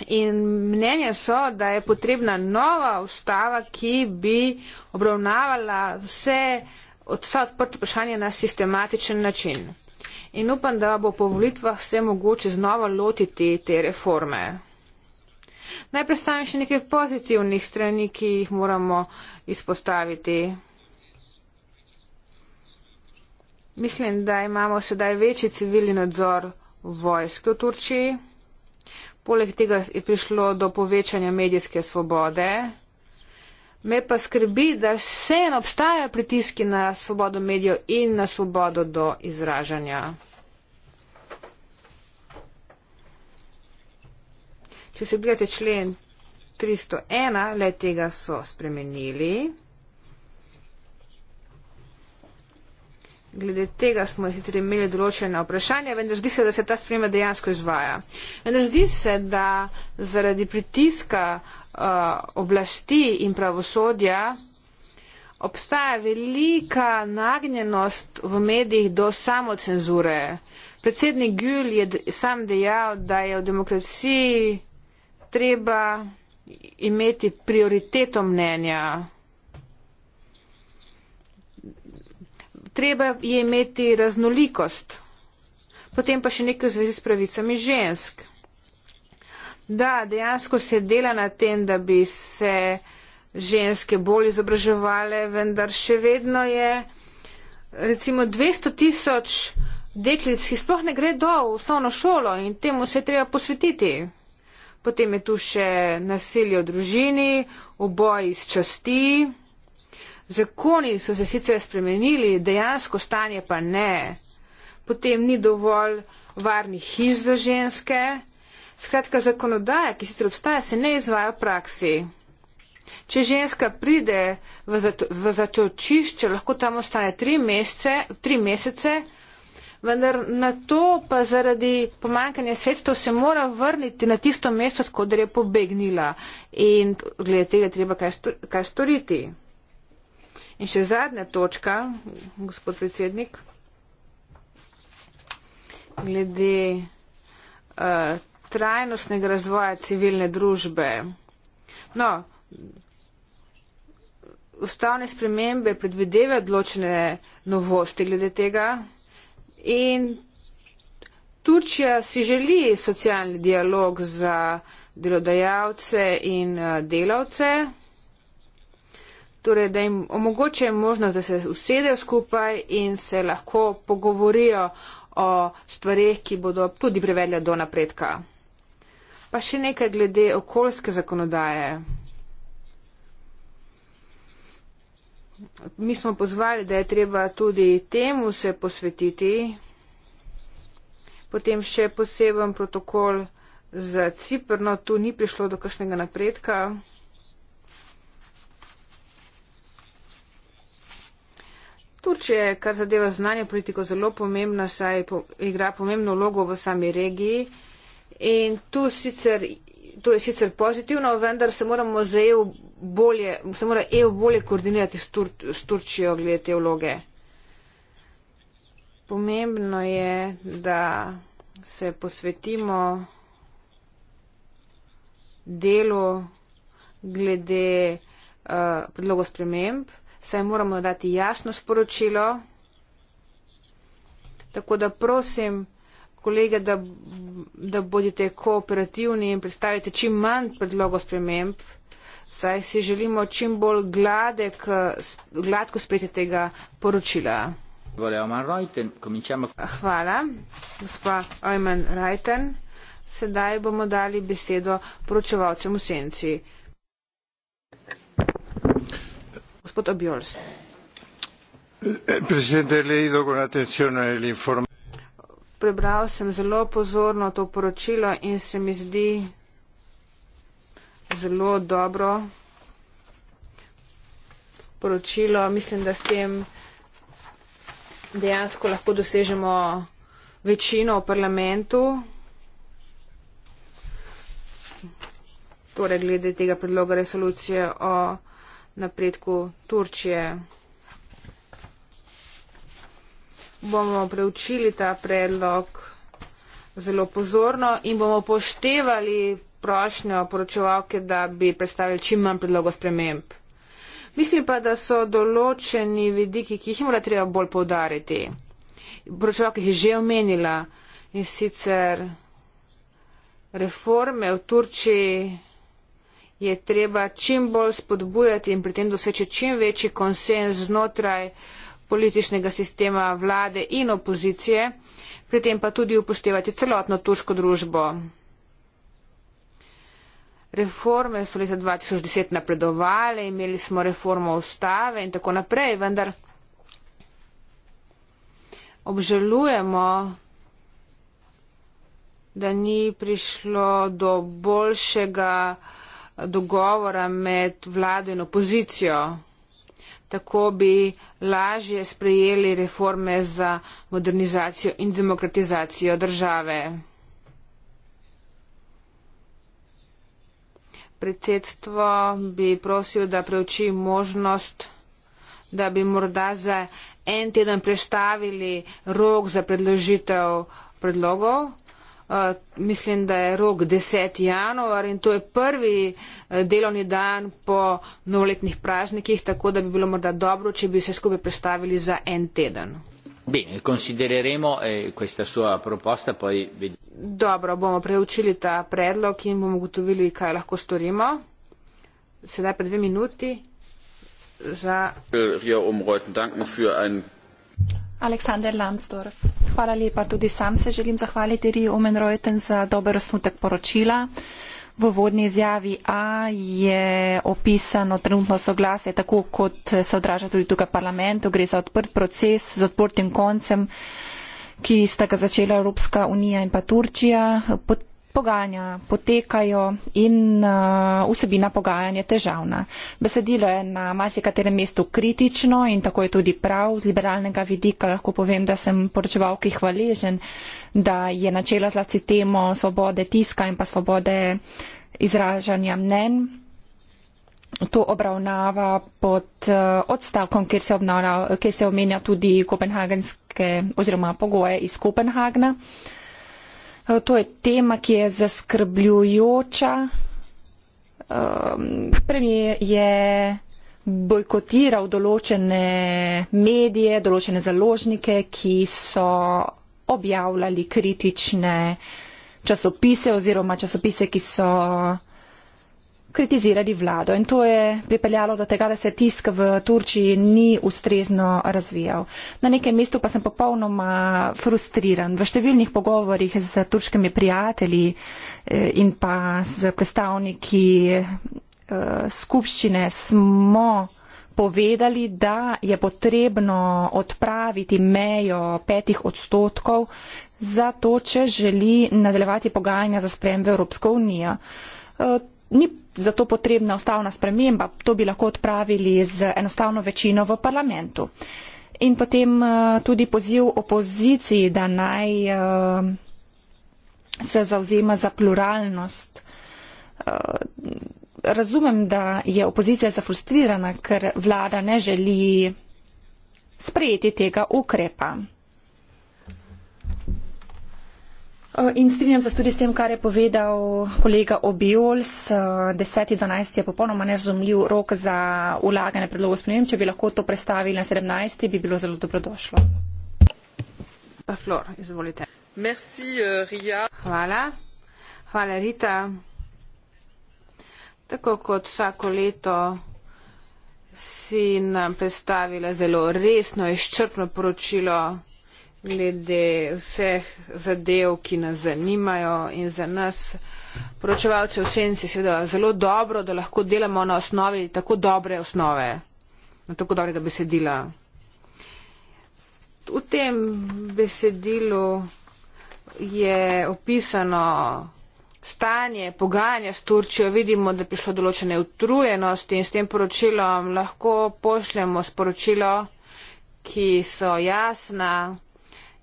in mnenje so, da je potrebna nova ustava, ki bi obravnavala vse od vsa odprta vprašanja na sistematičen način. In upam, da bo po volitvah vse mogoče znova lotiti te reforme. Naj predstavim še nekaj pozitivnih strani, ki jih moramo izpostaviti. Mislim, da imamo sedaj večji civilni nadzor vojske v Turčiji. Poleg tega je prišlo do povečanja medijske svobode. Me pa skrbi, da vse en obstajajo pritiski na svobodo medijev in na svobodo do izražanja. Če se gledate člen 301, le tega so spremenili. Glede tega smo sicer imeli določene vprašanja, vendar zdi se, da se ta sprememba dejansko izvaja. Vendar zdi se, da zaradi pritiska uh, oblasti in pravosodja obstaja velika nagnjenost v medijih do samocenzure. Predsednik Gül je sam dejal, da je v demokraciji treba imeti prioriteto mnenja. treba je imeti raznolikost. Potem pa še nekaj v zvezi s pravicami žensk. Da, dejansko se dela na tem, da bi se ženske bolj izobraževale, vendar še vedno je recimo 200 tisoč deklic, ki sploh ne gre do v osnovno šolo in temu se je treba posvetiti. Potem je tu še nasilje v družini, oboji s časti zakoni so se sicer spremenili, dejansko stanje pa ne. Potem ni dovolj varnih hiš za ženske. Skratka, zakonodaja, ki sicer obstaja, se ne izvaja v praksi. Če ženska pride v, zato, v zatočišče, lahko tam ostane tri mesece, tri mesece, vendar na to pa zaradi pomankanja sredstev se mora vrniti na tisto mesto, odkud je pobegnila in glede tega treba kaj, stor, kaj storiti. In še zadnja točka, gospod predsednik, glede uh, trajnostnega razvoja civilne družbe. No, ustavne spremembe predvideva odločene novosti glede tega in Turčija si želi socialni dialog za delodajalce in eh, delavce torej, da jim omogoče možnost, da se usedejo skupaj in se lahko pogovorijo o stvareh, ki bodo tudi privedle do napredka. Pa še nekaj glede okoljske zakonodaje. Mi smo pozvali, da je treba tudi temu se posvetiti. Potem še poseben protokol za Ciprno, tu ni prišlo do kakšnega napredka. Turčija je, kar zadeva znanje politiko, zelo pomembna, saj po, igra pomembno vlogo v sami regiji. In tu sicer, to je sicer pozitivno, vendar se, EU bolje, se mora EU bolje koordinirati s, Tur, s Turčijo glede te vloge. Pomembno je, da se posvetimo delu glede uh, eh, predlogo sprememb saj moramo dati jasno sporočilo. Tako da prosim, kolege, da, da bodite kooperativni in predstavite čim manj predlogov sprememb, saj si želimo čim bolj gladek, gladko sprejeti tega poročila. Hvala, gospa Ojman Rajten. Sedaj bomo dali besedo poročevalcem v senci prebral sem zelo pozorno to poročilo in se mi zdi zelo dobro poročilo. Mislim, da s tem dejansko lahko dosežemo večino v parlamentu. Torej, glede tega predloga resolucije o napredku Turčije. Bomo preučili ta predlog zelo pozorno in bomo poštevali prošnjo poročevalke, da bi predstavili čim manj predlogov sprememb. Mislim pa, da so določeni vidiki, ki jih mora treba bolj povdariti. Poročevalka jih je že omenila in sicer reforme v Turčiji je treba čim bolj spodbujati in pri tem doseči čim večji konsens znotraj političnega sistema vlade in opozicije, pri tem pa tudi upoštevati celotno turško družbo. Reforme so leta 2010 napredovale, imeli smo reformo ustave in tako naprej, vendar obžalujemo, da ni prišlo do boljšega dogovora med vlado in opozicijo. Tako bi lažje sprejeli reforme za modernizacijo in demokratizacijo države. Predsedstvo bi prosil, da preuči možnost, da bi morda za en teden preštavili rok za predložitev predlogov. Eh, mislim, da je rok 10. januar in to je prvi eh, delovni dan po novoletnih praznikih, tako da bi bilo morda dobro, če bi se skupaj predstavili za en teden. Bene, considereremo eh, questa sua proposta, poi vediamo. Dobro, bomo preučili ta predlog in bomo ugotovili, kaj lahko storimo. Sedaj pa dve minuti za. Hier umreuten danken für ein. Aleksandar Lambsdorff, hvala lepa. Tudi sam se želim zahvaliti Riju Omenrojten za dober osnutek poročila. V vodni izjavi A je opisano trenutno soglasje, tako kot se odraža tudi tukaj parlamentu, gre za odprt proces z odprtim koncem, ki sta ga začela Evropska unija in pa Turčija. Pot Pogajanja potekajo in uh, vsebina pogajanja je težavna. Besedilo je na marsikaterem mestu kritično in tako je tudi prav. Z liberalnega vidika lahko povem, da sem poročevalki hvaležen, da je načela zlasti temo svobode tiska in pa svobode izražanja mnen. To obravnava pod uh, odstavkom, kjer se, obnala, kjer se omenja tudi kopenhagenske oziroma pogoje iz Kopenhagna. Uh, Eh, to je tema, ki je zaskrbljujoča. Ehm, Premijer je bojkotiral določene medije, določene založnike, ki so objavljali kritične časopise oziroma časopise, ki so kritizirali vlado in to je pripeljalo do tega, da se tisk v Turčiji ni ustrezno razvijal. Na nekem mestu pa sem popolnoma frustriran. V številnih pogovorjih z turškimi prijatelji eh, in pa z predstavniki eh, skupščine smo povedali, da je potrebno odpraviti mejo petih odstotkov za to, če želi nadaljevati pogajanja za sprem v Evropsko unijo. Eh, ni zato potrebna ustavna sprememba, to bi lahko odpravili z enostavno večino v parlamentu. In potem eh, tudi poziv opoziciji, da naj eh, se zauzema za pluralnost. Eh, razumem, da je opozicija zafrustrirana, ker vlada ne želi sprejeti tega ukrepa. Eh, in strinjam se tudi s tem, kar je povedal kolega Obiols, 10.12. Eh, je popolnoma nerazumljiv rok za ulaganje predlogov sprememb. Če bi lahko to predstavili na 17. bi bilo zelo dobrodošlo. Pa Flor, izvolite. Merci, eh, Ria. Hvala. Hvala, Rita. Tako kot vsako leto si nam predstavila zelo resno, izčrpno poročilo glede vseh zadev, ki nas zanimajo in za nas, poročevalce v senci, seveda zelo dobro, da lahko delamo na osnovi tako dobre osnove, na tako dobrega besedila. V tem besedilu je opisano stanje pogajanja s Turčijo. Vidimo, da je prišlo določene utrujenosti in s tem poročilom lahko pošljemo sporočilo, ki so jasna,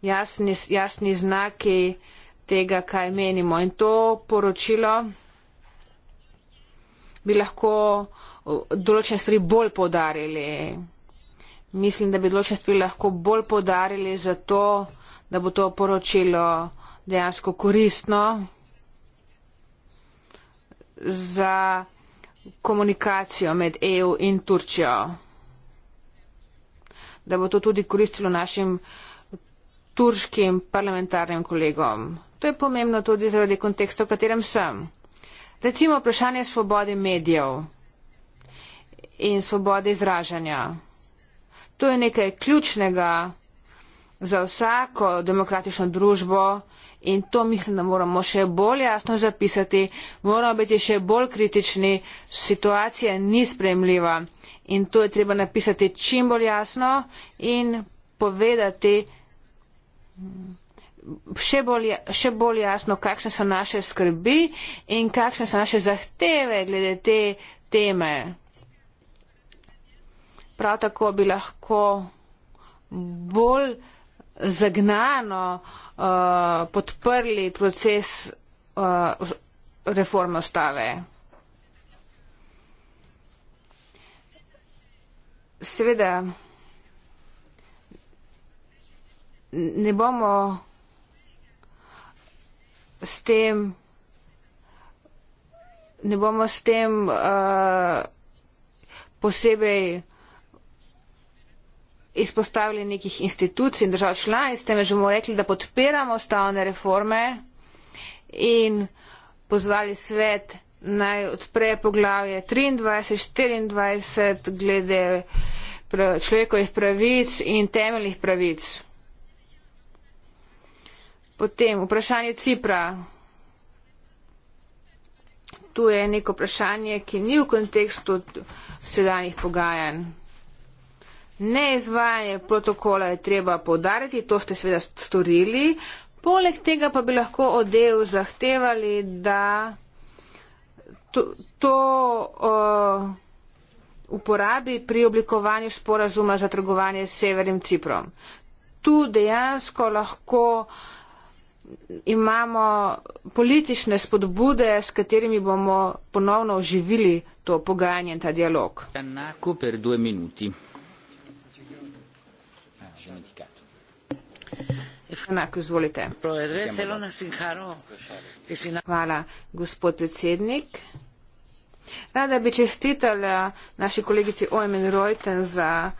jasni, jasni znaki tega, kaj menimo. In to poročilo bi lahko določene stvari bolj podarili. Mislim, da bi določene stvari lahko bolj podarili zato, da bo to poročilo dejansko koristno za komunikacijo med EU in Turčijo. Da bo to tudi koristilo našim uh, turškim parlamentarnim kolegom. To je pomembno tudi zaradi konteksta, v katerem sem. Recimo vprašanje svobode medijev in svobode izražanja. To je nekaj ključnega za vsako demokratično družbo in to mislim, da moramo še bolj jasno zapisati, moramo biti še bolj kritični, situacija ni spremljiva in to je treba napisati čim bolj jasno in povedati, še bolj, ja-, še bolj jasno, kakšne so naše skrbi in kakšne so naše zahteve glede te teme. Prav tako bi lahko bolj zagnano uh, podprli proces uh, reforme ostave. Seveda, ne bomo s tem, ne bomo s tem uh, posebej izpostavili nekih institucij in držav članic, temveč bomo rekli, da podpiramo stavne reforme in pozvali svet naj odpre poglavje 23, 24 glede človekovih pravic in temeljnih pravic. Potem vprašanje Cipra. Tu je neko vprašanje, ki ni v kontekstu sedanjih pogajanj. Neizvajanje protokola je treba povdariti, to ste seveda storili. Poleg tega pa bi lahko od EU zahtevali, da to, to uh, uporabi pri oblikovanju sporazuma za trgovanje s Severnim Ciprom. Tu dejansko lahko uh, imamo politične spodbude, s katerimi bomo ponovno oživili to pogajanje in ta dialog. Enako, ah, izvolite. Hvala, gospod predsednik. Rada bi čestitala naši kolegici Oemen Reuten za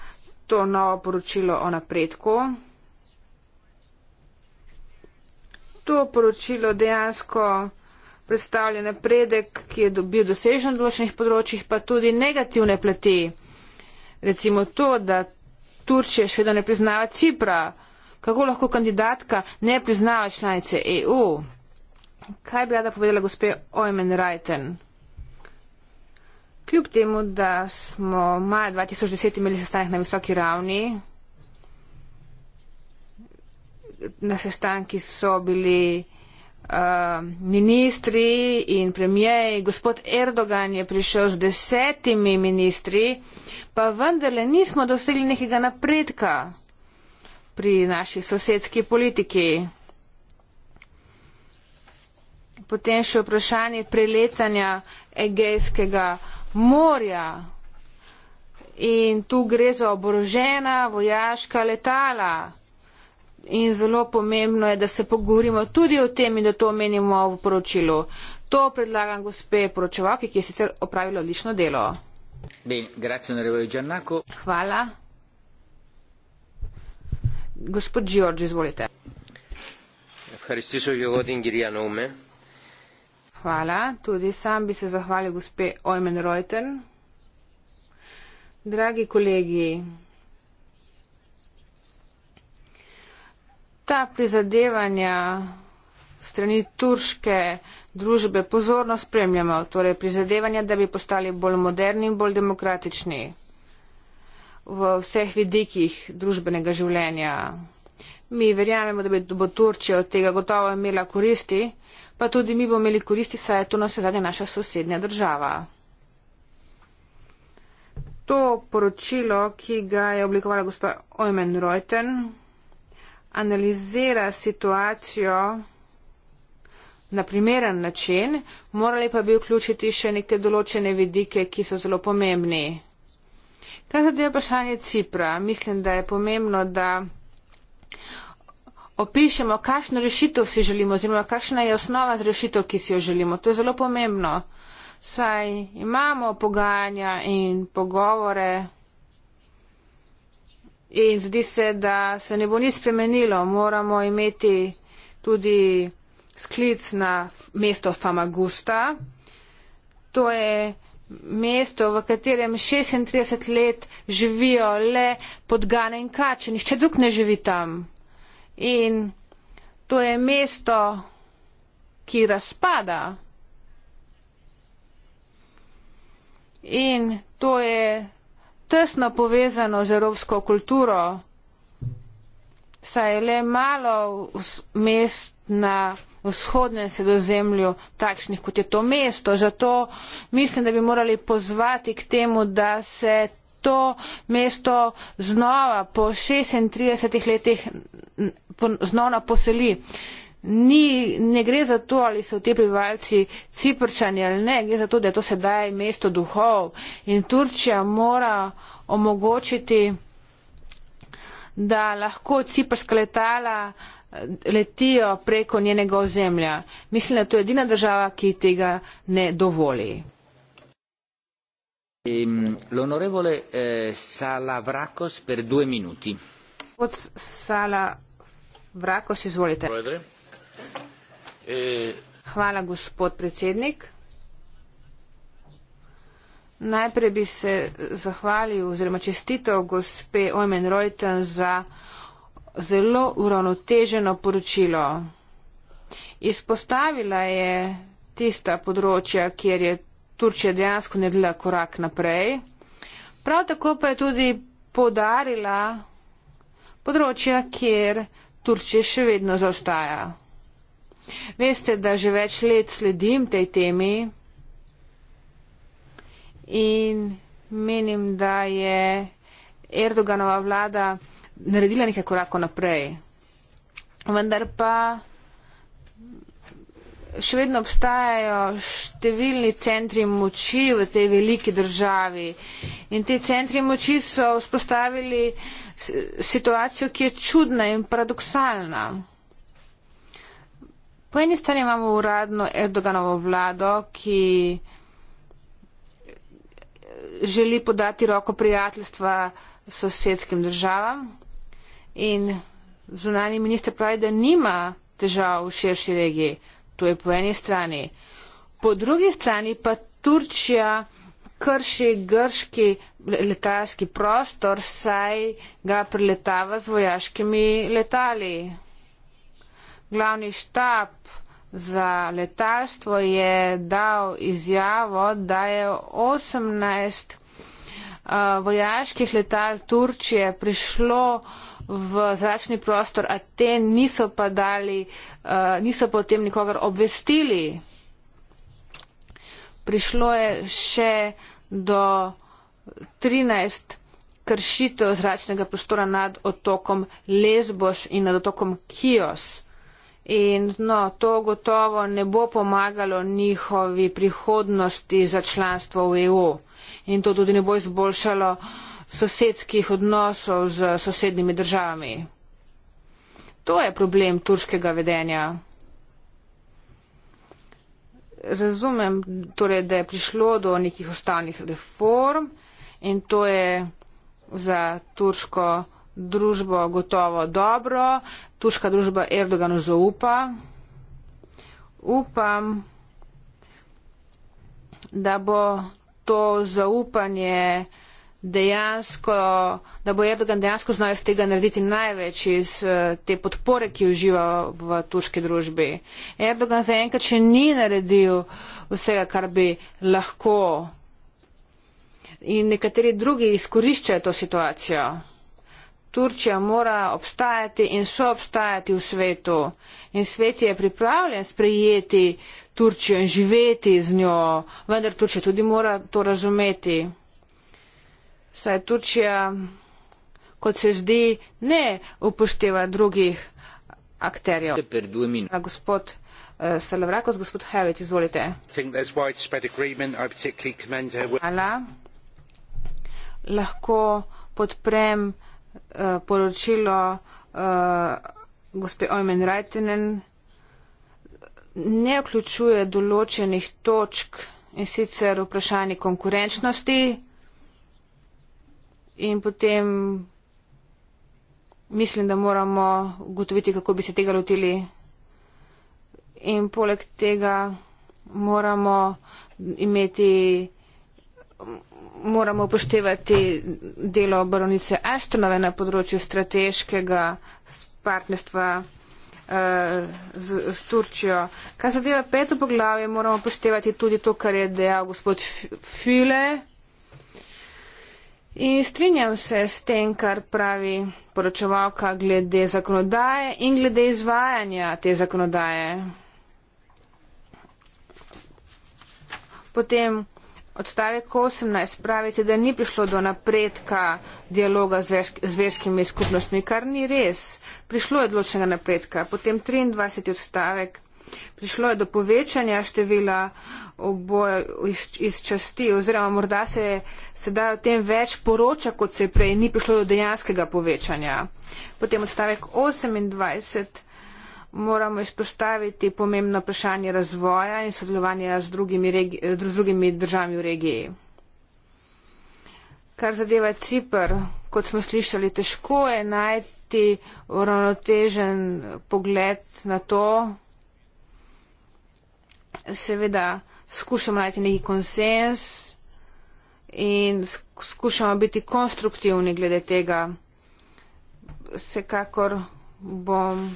to novo poročilo o napredku. to poročilo dejansko predstavlja napredek, ki je bil dosežen v določenih področjih, pa tudi negativne plati. Recimo to, da Turčija še vedno ne priznava Cipra. Kako lahko kandidatka ne priznava članice EU? Kaj bi rada povedala gospe Oymen Reiten? Kljub temu, da smo maja 2010 imeli sestanek na visoki ravni, na sestanki so bili uh, ministri in premijeji. Gospod Erdogan je prišel z desetimi ministri, pa vendarle nismo dosegli nekega napredka pri naši sosedski politiki. Potem še vprašanje preletanja Egejskega morja. In tu gre za oborožena vojaška letala in zelo pomembno je, da se pogovorimo tudi o tem in da to omenimo v poročilu. To predlagam gospe poročevalke, ki je sicer opravila odlično delo. Ben, grazie, Hvala. Gospod Džorđ, izvolite. Hvala, tudi sam bi se zahvalil gospe Ojmen Reuten. Dragi kolegi, ta prizadevanja strani turške družbe pozorno spremljamo, torej prizadevanja, da bi postali bolj moderni in bolj demokratični v vseh vidikih družbenega življenja. Mi verjamemo, da bi bo Turčija od tega gotovo imela koristi, pa tudi mi bomo imeli koristi, saj je to nasedanje naša sosednja država. To poročilo, ki ga je oblikovala gospa Oymen Reuten, analizira situacijo na primeren način, morali pa bi vključiti še neke določene vidike, ki so zelo pomembni. Kar zadeva vprašanje Cipra, mislim, da je pomembno, da opišemo, kakšno rešitev si želimo oziroma kakšna je osnova za rešitev, ki si jo želimo. To je zelo pomembno, saj imamo pogajanja in pogovore. In zdi se, da se ne bo ni spremenilo. Moramo imeti tudi sklic na mesto Famagusta. To je mesto, v katerem 36 let živijo le podgane in kače. Nišče drug ne živi tam. In to je mesto, ki razpada. In to je tesno povezano z evropsko kulturo, saj je le malo mest na vzhodnem sredozemlju takšnih, kot je to mesto. Zato mislim, da bi morali pozvati k temu, da se to mesto znova po 36 letih znova poseli ni, ne gre za to, ali so ti prebivalci ciprčani ali ne, gre za to, da je to sedaj mesto duhov in Turčija mora omogočiti, da lahko ciprska letala eh, letijo preko njenega ozemlja. Mislim, da to je edina država, ki tega ne dovoli. Ehm, l'onorevole eh, Sala Vrakos per due minuti. Gospod Sala Vrakos, izvolite. Proedre. Eh. Hvala, gospod predsednik. Najprej bi se zahvalil oziroma čestitev gospe Ojmen Rojten za zelo uravnoteženo poročilo. Izpostavila je tista področja, kjer je Turčija dejansko naredila korak naprej. Prav tako pa je tudi podarila področja, kjer Turčija še vedno zaostaja. Veste, da že več let sledim tej temi in menim, da je Erdoganova vlada naredila nekaj korakov naprej. Vendar pa še vedno obstajajo številni centri moči v tej veliki državi. In ti centri moči so vzpostavili situacijo, ki je čudna in paradoksalna. Po eni strani imamo uradno Erdoganovo vlado, ki želi podati roko prijateljstva sosedskim državam in zunani minister pravi, da nima težav v širši regiji. To je po eni strani. Po drugi strani pa Turčija krši grški letalski prostor, saj ga priletava z vojaškimi letali glavni štab za letalstvo je dal izjavo, da je 18 eh, vojaških letal Turčije prišlo v zračni prostor, a te niso pa dali, eh, niso potem nikogar obvestili. Prišlo je še do 13 kršitev zračnega prostora nad otokom Lesbos in nad otokom Kios. In no, to gotovo ne bo pomagalo njihovi prihodnosti za članstvo v EU. In to tudi ne bo izboljšalo sosedskih odnosov z sosednjimi državami. To je problem turškega vedenja. Razumem torej, da je prišlo do nekih ustavnih reform in to je za turško družbo gotovo dobro, turška družba Erdoganu zaupa. Upam, da bo to zaupanje dejansko, da bo Erdogan dejansko znal iz tega narediti največ iz eh, te podpore, ki uživa v turški družbi. Erdogan zaenkrat še ni naredil vsega, kar bi lahko. In nekateri drugi izkoriščajo to situacijo. Turčija mora obstajati in so obstajati v svetu. In svet je pripravljen sprejeti Turčijo in živeti z njo, vendar Turčija tudi mora to razumeti. Saj Turčija, kot se zdi, ne upošteva drugih akterjev. Gospod eh, Salavrakos, gospod Hevet, izvolite. Hvala. Lahko podprem Eh, poročilo uh, gospe Ojmen Rajtenen ne vključuje določenih točk in sicer vprašanje konkurenčnosti in potem mislim, da moramo ugotoviti, kako bi se tega lotili. In poleg tega moramo imeti moramo upoštevati delo baronice Aštonove na področju strateškega partnerstva eh, z, z Turčijo. Kar zadeva peto poglavje, moramo upoštevati tudi to, kar je dejal gospod File. In strinjam se s tem, kar pravi poročevalka glede zakonodaje in glede izvajanja te zakonodaje. Potem odstavek 18 pravite, da ni prišlo do napredka dialoga z verskimi skupnostmi, kar ni res. Prišlo je odločnega napredka. Potem 23 odstavek. Prišlo je do povečanja števila oboj iz, iz časti oziroma morda se sedaj o tem več poroča, kot se prej ni prišlo do dejanskega povečanja. Potem odstavek 28 moramo izpostaviti pomembno vprašanje razvoja in sodelovanja z drugimi, regi, z drugimi državami v regiji. Kar zadeva Cipr, kot smo slišali, težko je najti uravnotežen pogled na to. Seveda skušamo najti neki konsens in skušamo biti konstruktivni glede tega. Vsekakor bom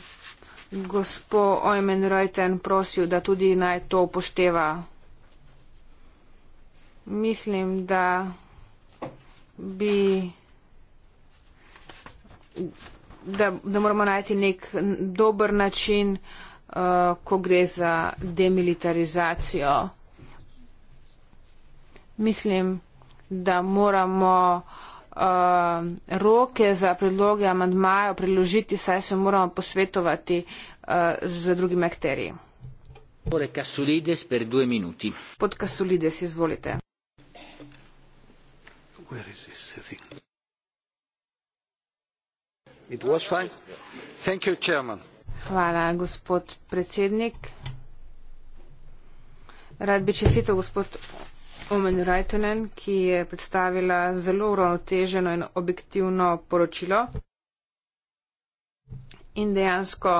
gospod Ojmen Reuten prosil, da tudi naj to upošteva. Mislim, da bi. Da, da moramo najti nek dober način, uh, ko gre za demilitarizacijo. Mislim, da moramo uh, uh, roke za predloge amandmajo priložiti, saj se moramo posvetovati uh, z drugimi akteri. Pod Kasulides, izvolite. You, Hvala, gospod predsednik. Rad bi čestitev, gospod Omen Reitelen, ki je predstavila zelo uravnoteženo in objektivno poročilo. In dejansko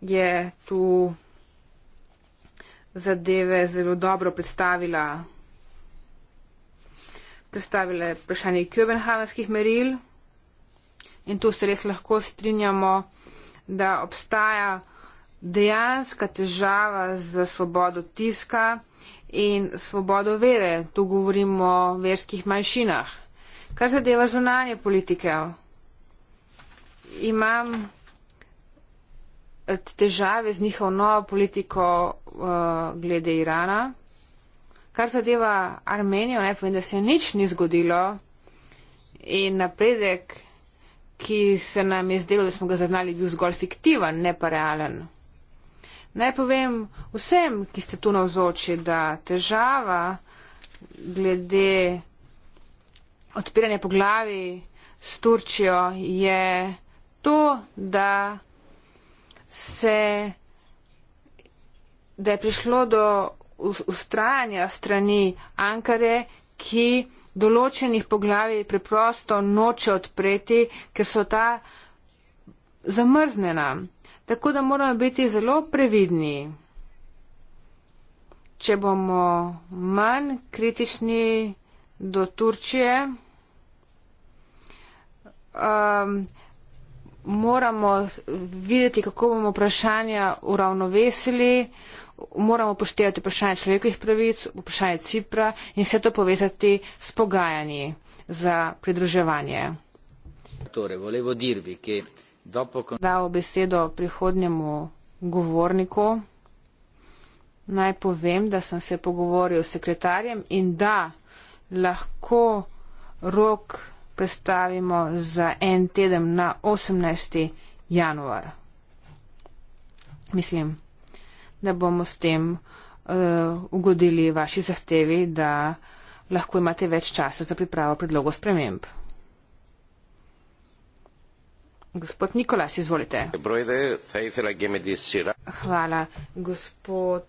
je tu zadeve zelo dobro predstavila. Predstavila je vprašanje Köbenhavenskih meril. In tu se res lahko strinjamo, da obstaja dejanska težava za svobodo tiska in svobodo vere. Tu govorimo o verskih manjšinah. Kar zadeva zunanje politike, imam eh, težave z njihovo novo politiko uh, glede Irana. Kar zadeva Armenijo, ne povem, da se nič ni zgodilo in napredek, ki se nam je zdelo, da smo ga zaznali, bil zgolj fiktiven, ne pa realen. Naj povem vsem, ki ste tu navzoči, da težava glede odpiranja poglavi s Turčijo je to, da se da je prišlo do ustrajanja strani Ankare, ki določenih poglavij preprosto noče odpreti, ker so ta zamrznena. Tako da moramo biti zelo previdni. Če bomo manj kritični do Turčije, um, moramo videti, kako bomo vprašanja uravnovesili, moramo poštevati vprašanje človekovih pravic, vprašanje Cipra in vse to povezati s pogajanji za pridruževanje. Torej, volevo dirvi, ki. Che dopokon... dal besedo prihodnjemu govorniku. Naj povem, da sem se pogovoril s sekretarjem in da lahko rok predstavimo za en teden na 18. januar. Mislim, da bomo s tem uh, ugodili vaši zahtevi, da lahko imate več časa za pripravo predlogov sprememb. Gospod Nikolas, izvolite. Hvala. Gospod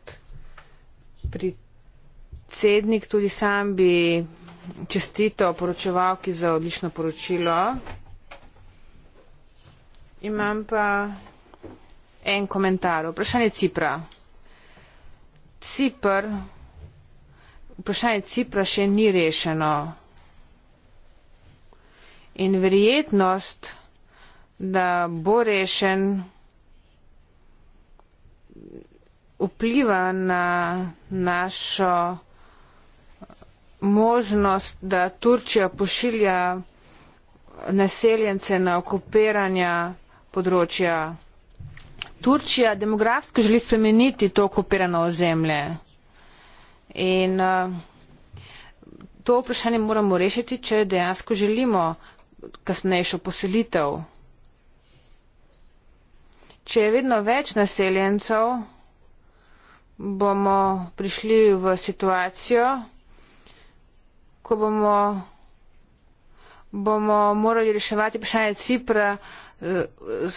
predsednik, tudi sam bi čestito poročevalki za odlično poročilo. Imam pa en komentar. Vprašanje Cipra. Cipr, vprašanje Cipra še ni rešeno. In verjetnost, da bo rešen vpliva na našo možnost, da Turčija pošilja naseljence na okupiranja področja. Turčija demografsko želi spremeniti to okupirano ozemlje in eh, to vprašanje moramo rešiti, če dejansko želimo kasnejšo poselitev če je vedno več naseljencev, bomo prišli v situacijo, ko bomo, bomo morali reševati vprašanje Cipra eh,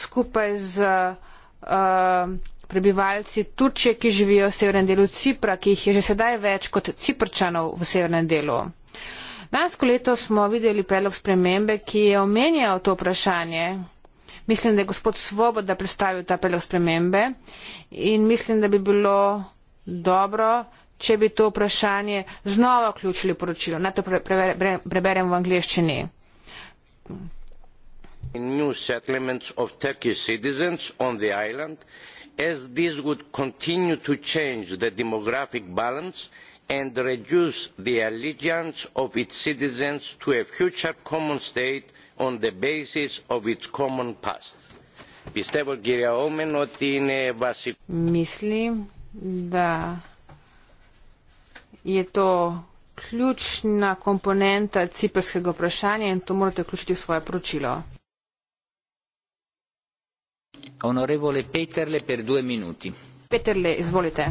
skupaj z uh, prebivalci Turčije, ki živijo v severnem delu Cipra, ki jih je že sedaj več kot ciprčanov v severnem delu. Lansko leto smo videli predlog spremembe, ki je omenjal to vprašanje mislim da je gospod svoboda predstavil ta predlog spremembe in mislim da bi bilo dobro če bi to vprašanje znova vključili v poročilo. Naj to preberem v angliščini. In new settlements of Turkish citizens on the island, as this would continue to change the demographic balance and reduce the allegiance of its citizens to a future common state on the basis of its common past. Πιστεύω, κύριε Όμεν, ότι είναι βασικό. Μισλή, δα. Je to ključna komponenta ciprskega vprašanja in to morate vključiti v svoje poročilo. Honorevole Peterle, per due minuti. Peterle, izvolite.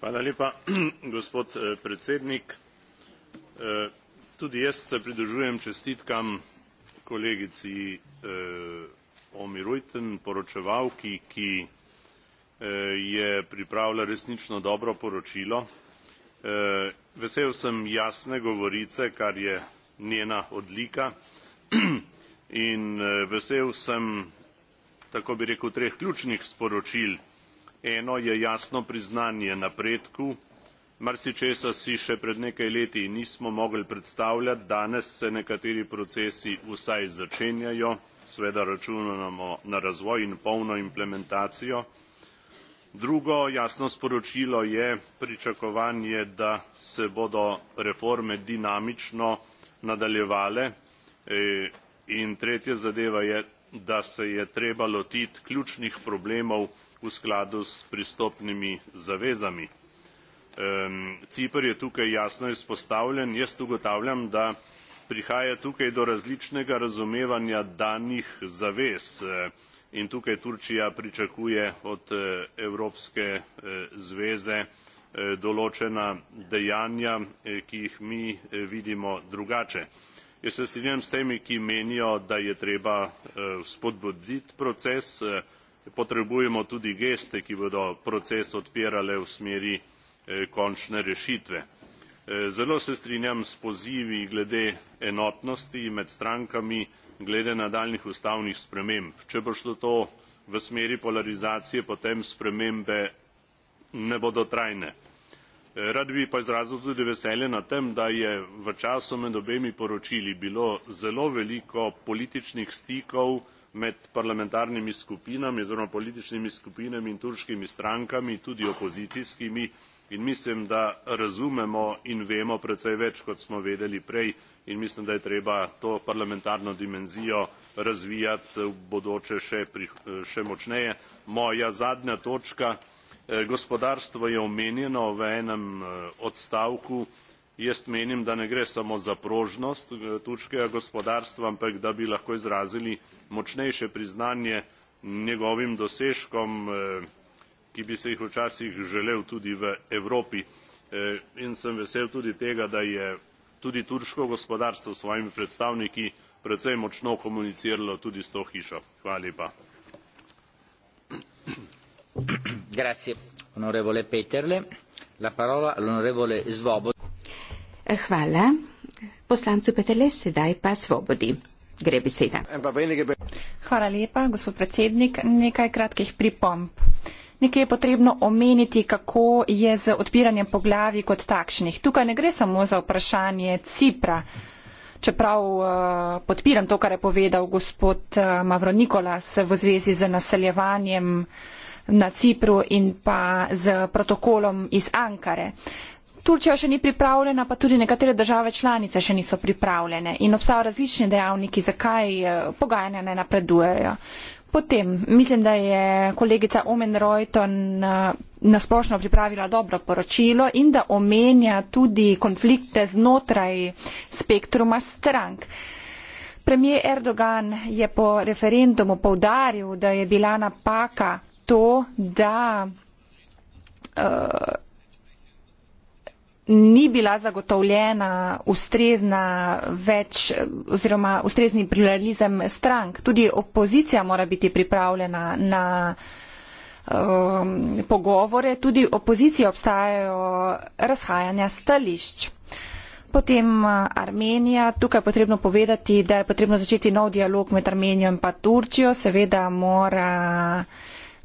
Hvala lepa, gospod eh, predsednik. Eh, tudi jaz se pridružujem čestitkam kolegici eh, omi reuton poročevalki ki eh, je pripravila resnično dobro poročilo. Eh, vesel sem jasne govorice kar je njena odlika in vesel sem tako bi rekel treh ključnih sporočil eno je jasno priznanje napredku marsičesa si še pred nekaj leti nismo mogli predstavljati danes se nekateri procesi vsaj začenjajo seveda računamo na razvoj in polno implementacijo drugo jasno sporočilo je pričakovanje da se bodo reforme dinamično nadaljevale e, in tretja zadeva je da se je treba lotiti ključnih problemov v skladu s pristopnimi zavezami ciper je tukaj jasno izpostavljen jaz ugotavljam da prihaja tukaj do različnega razumevanja danih zavez e, in tukaj turčija pričakuje od e, evropske e, zveze določena dejanja ki jih mi vidimo drugače. jaz se strinjam s temi ki menijo da je treba spodbuditi proces potrebujemo tudi geste ki bodo proces odpirale v smeri Eh, končne rešitve. Eh, zelo se strinjam s pozivi glede enotnosti med strankami glede nadaljnih ustavnih sprememb. Če bo šlo to v smeri polarizacije, potem spremembe ne bodo trajne. Eh, rad bi pa izrazil tudi veselje na tem, da je v času med obemi poročili bilo zelo veliko političnih stikov med parlamentarnimi skupinami oziroma političnimi skupinami in turškimi strankami, tudi opozicijskimi, in mislim da razumemo in vemo precej več kot smo vedeli prej in mislim da je treba to parlamentarno dimenzijo razvijat v bodoče še močneje. moja zadnja točka eh, gospodarstvo je omenjeno v enem eh, odstavku jaz menim da ne gre samo za prožnost eh, turškega gospodarstva ampak da bi lahko izrazili močnejše priznanje njegovim dosežkom ki bi se jih včasih želel tudi v Evropi. E, in sem vesel tudi tega, da je tudi turško gospodarstvo s svojimi predstavniki predvsej močno komuniciralo tudi s to hišo. Hvala lepa. Eh, hvala. Poslancu Peterle sedaj pa svobodi. Gre beseda. Hvala lepa, gospod predsednik. Nekaj kratkih pripomp. Nekaj je potrebno omeniti, kako je z odpiranjem poglavi kot takšnih. Tukaj ne gre samo za vprašanje Cipra, čeprav uh, podpiram to, kar je povedal gospod uh, Mavro Nikolas v zvezi z naseljevanjem na Cipru in pa z protokolom iz Ankare. Turčija še ni pripravljena, pa tudi nekatere države članice še niso pripravljene in obstajajo različni dejavniki, zakaj eh, pogajanja ne napredujejo potem mislim, da je kolegica Omen Reuton eh, nasplošno pripravila dobro poročilo in da omenja tudi konflikte znotraj spektruma strank. Premijer Erdogan je po referendumu povdaril, da je bila napaka to, da uh, ni bila zagotovljena ustrezna več oziroma ustrezni pluralizem strank. Tudi opozicija mora biti pripravljena na um, pogovore, tudi opoziciji obstajajo razhajanja stališč. Potem uh, Armenija, tukaj je potrebno povedati, da je potrebno začeti nov dialog med Armenijo in pa Turčijo, seveda mora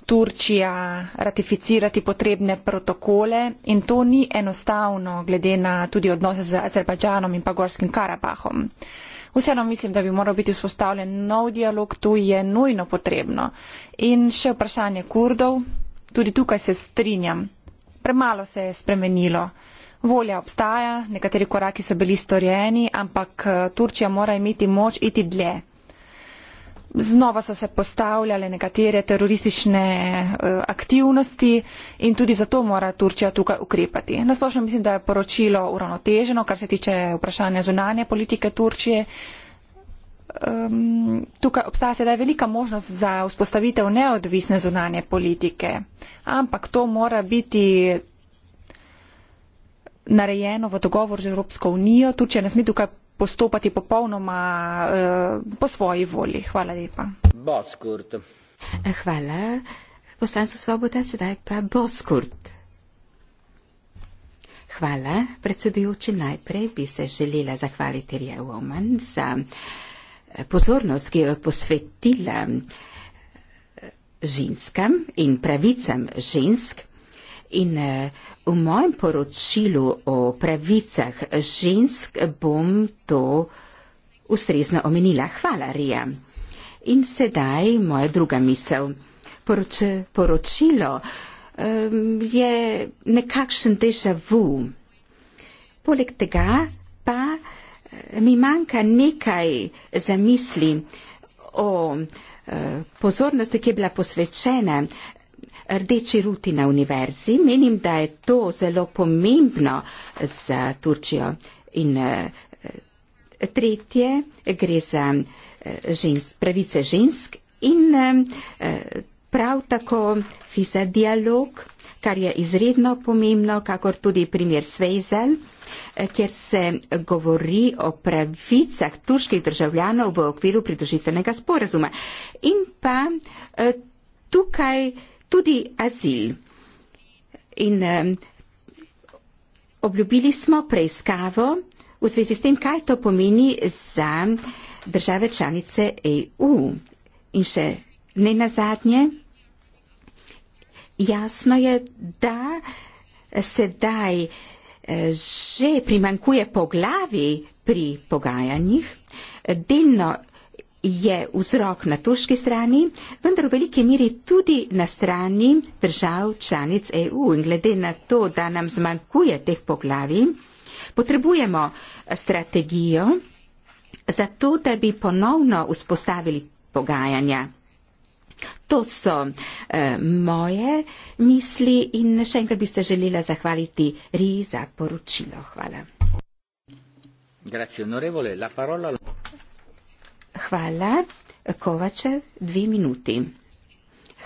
Turčija ratificirati potrebne protokole in to ni enostavno, glede na tudi odnose z Azerbajdžanom in pa Gorskim Karabahom. Vseeno mislim, da bi moral biti vzpostavljen nov dialog, tu je nujno potrebno. In še vprašanje kurdov, tudi tukaj se strinjam. Premalo se je spremenilo. Volja obstaja, nekateri koraki so bili storjeni, ampak eh, Turčija mora imeti moč iti dlje. Znova so se postavljale nekatere teroristične uh, aktivnosti in tudi zato mora Turčija tukaj ukrepati. Nasplošno mislim, da je poročilo uravnoteženo, kar se tiče vprašanja zunanje politike Turčije. Um, tukaj obstaja sedaj velika možnost za vzpostavitev neodvisne zunanje politike, ampak to mora biti narejeno v dogovor z Evropsko unijo. Turčija ne sme tukaj postopati popolnoma eh, po svoji volji. Hvala lepa. Boskurt. Eh, hvala. Poslancu svobode, sedaj pa Boskurt. Hvala, predsedujoči. Najprej bi se želela zahvaliti Rija Woman za eh, pozornost, ki jo posvetila ženskam in pravicam žensk in v mojem poročilu o pravicah žensk bom to ustrezno omenila. Hvala, Rija. In sedaj moja druga misel. Poroče, poročilo um, je nekakšen deja vu. Poleg tega pa eh, mi manjka nekaj zamisli o uh, pozornosti, ki je bila posvečena uh, rdeči ruti na univerzi. Menim, da je to zelo pomembno za Turčijo. In eh, tretje, gre za eh, žensk, pravice žensk in eh, prav tako FISA dialog, kar je izredno pomembno, kakor tudi primer Svejzel kjer se govori o pravicah turških državljanov v okviru pridružitvenega sporazuma. In pa tukaj tudi azil. In um, obljubili smo preiskavo v zvezi s tem, kaj to pomeni za države članice EU. In še ne nazadnje, jasno je, da sedaj e, že primankuje poglavi pri pogajanjih, delno je vzrok na turški strani, vendar v veliki miri tudi na strani držav članic EU. In glede na to, da nam zmanjkuje teh poglavi, potrebujemo strategijo za to, da bi ponovno vzpostavili pogajanja. To so eh, moje misli in še enkrat bi se želela zahvaliti Ri za poročilo. Hvala. Grazie, onorevole. La parola... Hvala, Kovače, dve minuti.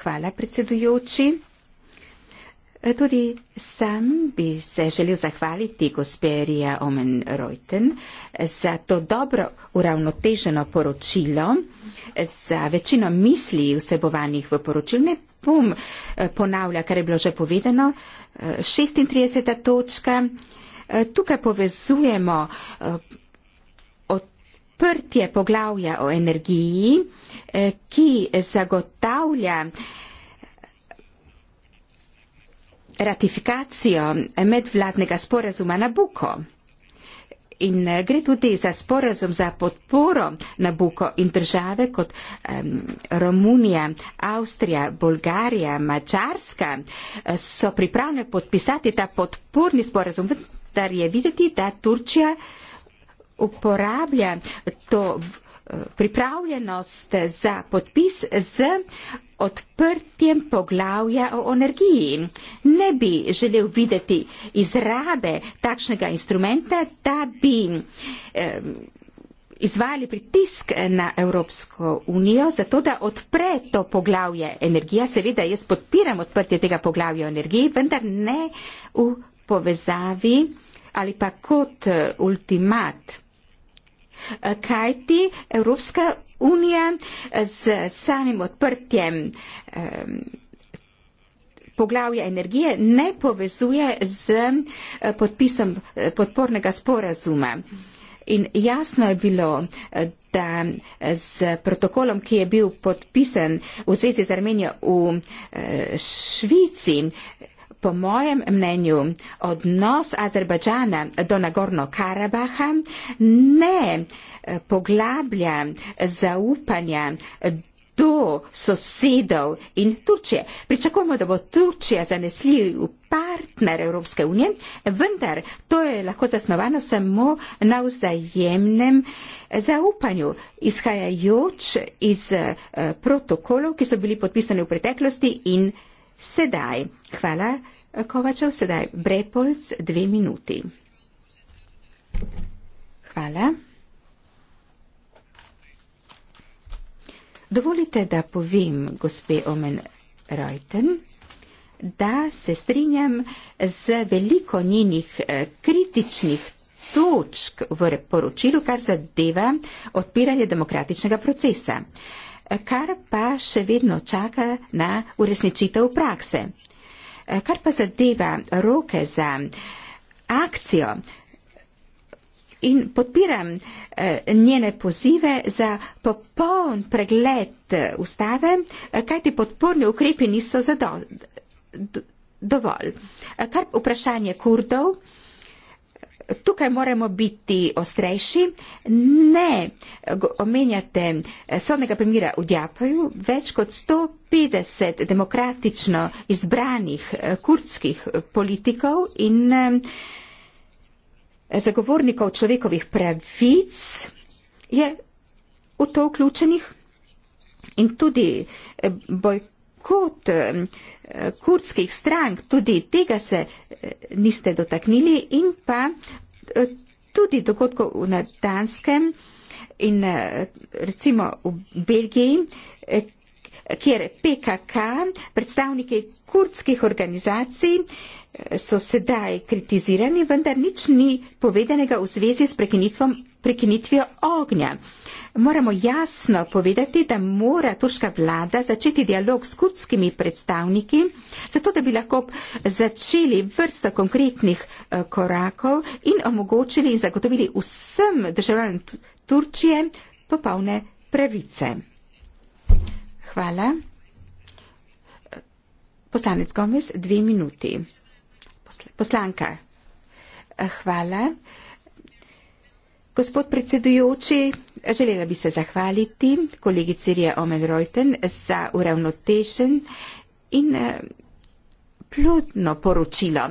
Hvala, predsedujoči. Tudi sam bi se želel zahvaliti gosperija Omen Reuten za to dobro uravnoteženo poročilo, za večino misli vsebovanih v poročilu. Ne bom eh, ponavlja, kar je bilo že povedano. 36. Eh, točka. Eh, tukaj povezujemo odprtje poglavja o energiji, eh, ki zagotavlja ratifikacijo medvladnega sporazuma Nabuko. In eh, gre tudi za sporazum za podporo Nabuko in države kot um, Romunija, Avstrija, Bolgarija, Mačarska eh, so pripravljene podpisati ta podporni sporazum, vendar je videti, da Turčija uh, uporablja to eh, pripravljenost za podpis z odprtjem poglavja o energiji. Ne bi želel videti izrabe takšnega instrumenta, da bi izvali pritisk na Evropsko unijo, zato da odpre to poglavje energija. Seveda jaz podpiram odprtje tega poglavja o energiji, vendar ne v povezavi ali pa kot eh, ultimat kajti Evropska unija z samim odprtjem poglavja energije ne povezuje z eh, podpisom eh, podpornega sporazuma. In jasno je bilo, eh, da z protokolom, ki je bil podpisan v zvezi z Armenijo v Švici, po mojem mnenju odnos Azerbajdžana do Nagorno Karabaha ne eh, poglablja zaupanja do sosedov in Turčije. Pričakujemo, da bo Turčija zanesljiv partner Evropske unije, vendar to je lahko zasnovano samo na vzajemnem eh, zaupanju, izhajajoč iz eh, protokolov, ki so bili podpisani v preteklosti in Sedaj, hvala Kovačev, sedaj Brepols, dve minuti. Hvala. Dovolite, da povem gospe Omen Reuten, da se strinjam z veliko njenih eh, kritičnih točk v poročilu, kar zadeva odpiranje demokratičnega procesa kar pa še vedno čaka na uresničitev prakse. Eh, kar pa zadeva roke za eh, akcijo in podpiram eh, njene pozive za popoln pregled ustave, kajti podporni ukrepi niso zadovolj. Dovolj. Kar vprašanje kurdov, Tukaj moramo biti ostrejši, ne omenjate eh, sodnega primira v Djapaju, več kot 150 demokratično izbranih eh, kurdskih eh, politikov in zagovornikov človekovih pravic je v to vključenih in tudi bojkot kurdskih strank, tudi tega se eh, niste dotaknili in pa eh, tudi dogodkov na Danskem in eh, recimo v Belgiji, kjer PKK, predstavniki kurdskih organizacij, so sedaj kritizirani, vendar nič ni povedanega v zvezi s prekinitvom, prekinitvijo ognja. Moramo jasno povedati, da mora turška vlada začeti dialog s kurdskimi predstavniki, zato da bi lahko začeli vrsto konkretnih eh, korakov in omogočili in zagotovili vsem državljanom Turčije popolne pravice. Hvala. Poslanec Gomez, dve minuti odrasle. Poslanka. Hvala. Gospod predsedujoči, želela bi se zahvaliti kolegi Cirje Omenrojten za uravnotežen in plodno poročilo.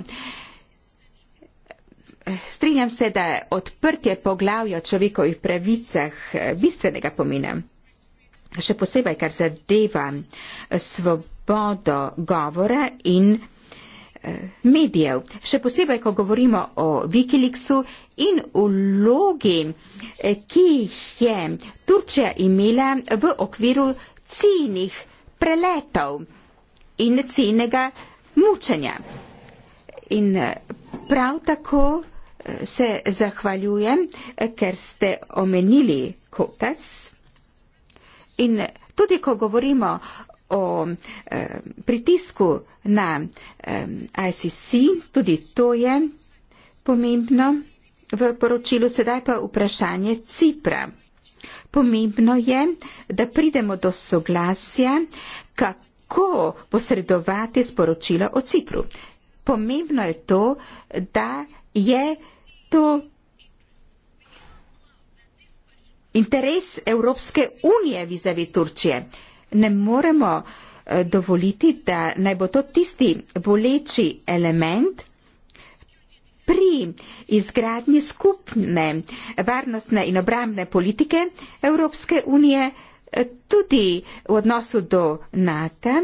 Strinjam se, da je odprtje poglavja o človekovih pravicah bistvenega pomena. Še posebej, kar zadeva svobodo govora in medijev, še posebej, ko govorimo o Wikileaksu in vlogi, eh, ki jih je Turčija imela v okviru cenih preletov in cenega mučenja. In eh, prav tako eh, se zahvaljujem, ker ste omenili Kotas. In tudi, ko govorimo o e, pritisku na e, eh, ICC, tudi to je pomembno v poročilu. Sedaj pa vprašanje Cipra. Pomembno je, da pridemo do soglasja, kako posredovati sporočilo o Cipru. Pomembno je to, da je to interes Evropske unije vizavi Turčije ne moremo eh, dovoliti, da naj bo to tisti boleči element pri izgradnji skupne varnostne in obrambne politike Evropske unije, eh, tudi v odnosu do NATO,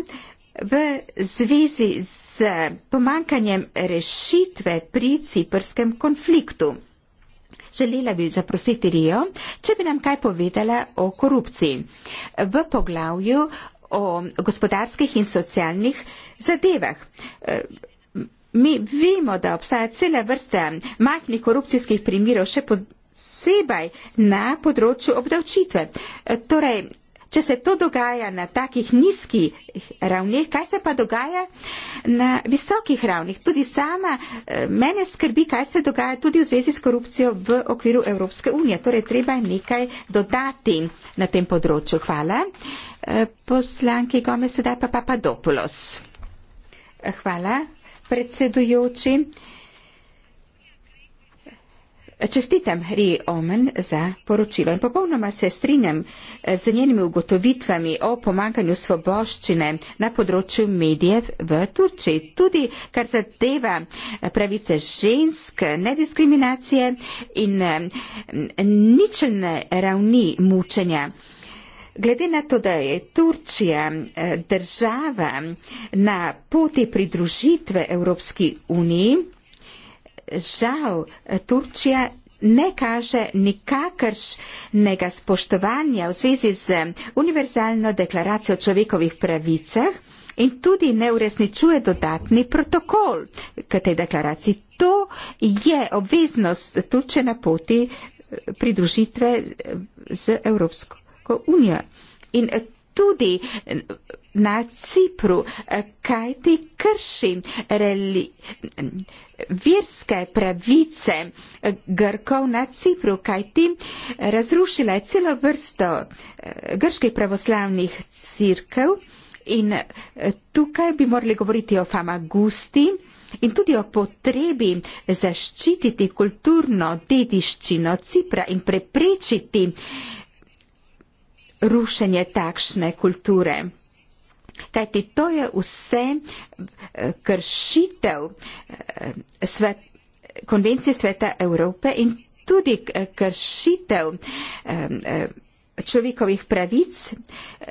v zvezi z pomankanjem rešitve pri ciprskem konfliktu želela bi zaprositi Rijo, če bi nam kaj povedala o korupciji. V poglavju o gospodarskih in socialnih zadevah. E, mi vemo, da obstaja cela vrsta majhnih korupcijskih primirov, še posebej na področju obdavčitve. E, torej, Če se to dogaja na takih nizkih ravneh, kaj se pa dogaja na visokih ravneh? Tudi sama eh, mene skrbi, kaj se dogaja tudi v zvezi s korupcijo v okviru Evropske unije. Torej, treba je nekaj dodati na tem področju. Hvala. Eh, poslanki Gome, sedaj pa Papadopoulos. Eh, hvala, predsedujoči. Čestitam Ri Omen za poročilo in popolnoma se strinjam z njenimi ugotovitvami o pomankanju svoboščine na področju medijev v Turčiji. Tudi kar zadeva pravice žensk, nediskriminacije in mm, ničene ravni mučenja. Glede na to, da je Turčija eh, država na poti pridružitve Evropski uniji, žal Turčija ne kaže nikakršnega spoštovanja v zvezi z univerzalno deklaracijo o človekovih pravicah in tudi ne uresničuje dodatni protokol k tej deklaraciji. To je obveznost Turčije na poti eh, pridružitve z Evropsko unijo. In tudi eh, na Cipru, eh, kaj ti krši reli, virske pravice eh, Grkov na Cipru, kaj ti eh, razrušila je celo vrsto grških pravoslavnih cirkev in tukaj bi morali govoriti o famagusti. In tudi o potrebi zaščititi kulturno dediščino Cipra in preprečiti rušenje takšne kulture kajti to je vse eh, kršitev eh, svet, konvencije Sveta Evrope in tudi eh, kršitev človekovih pravic,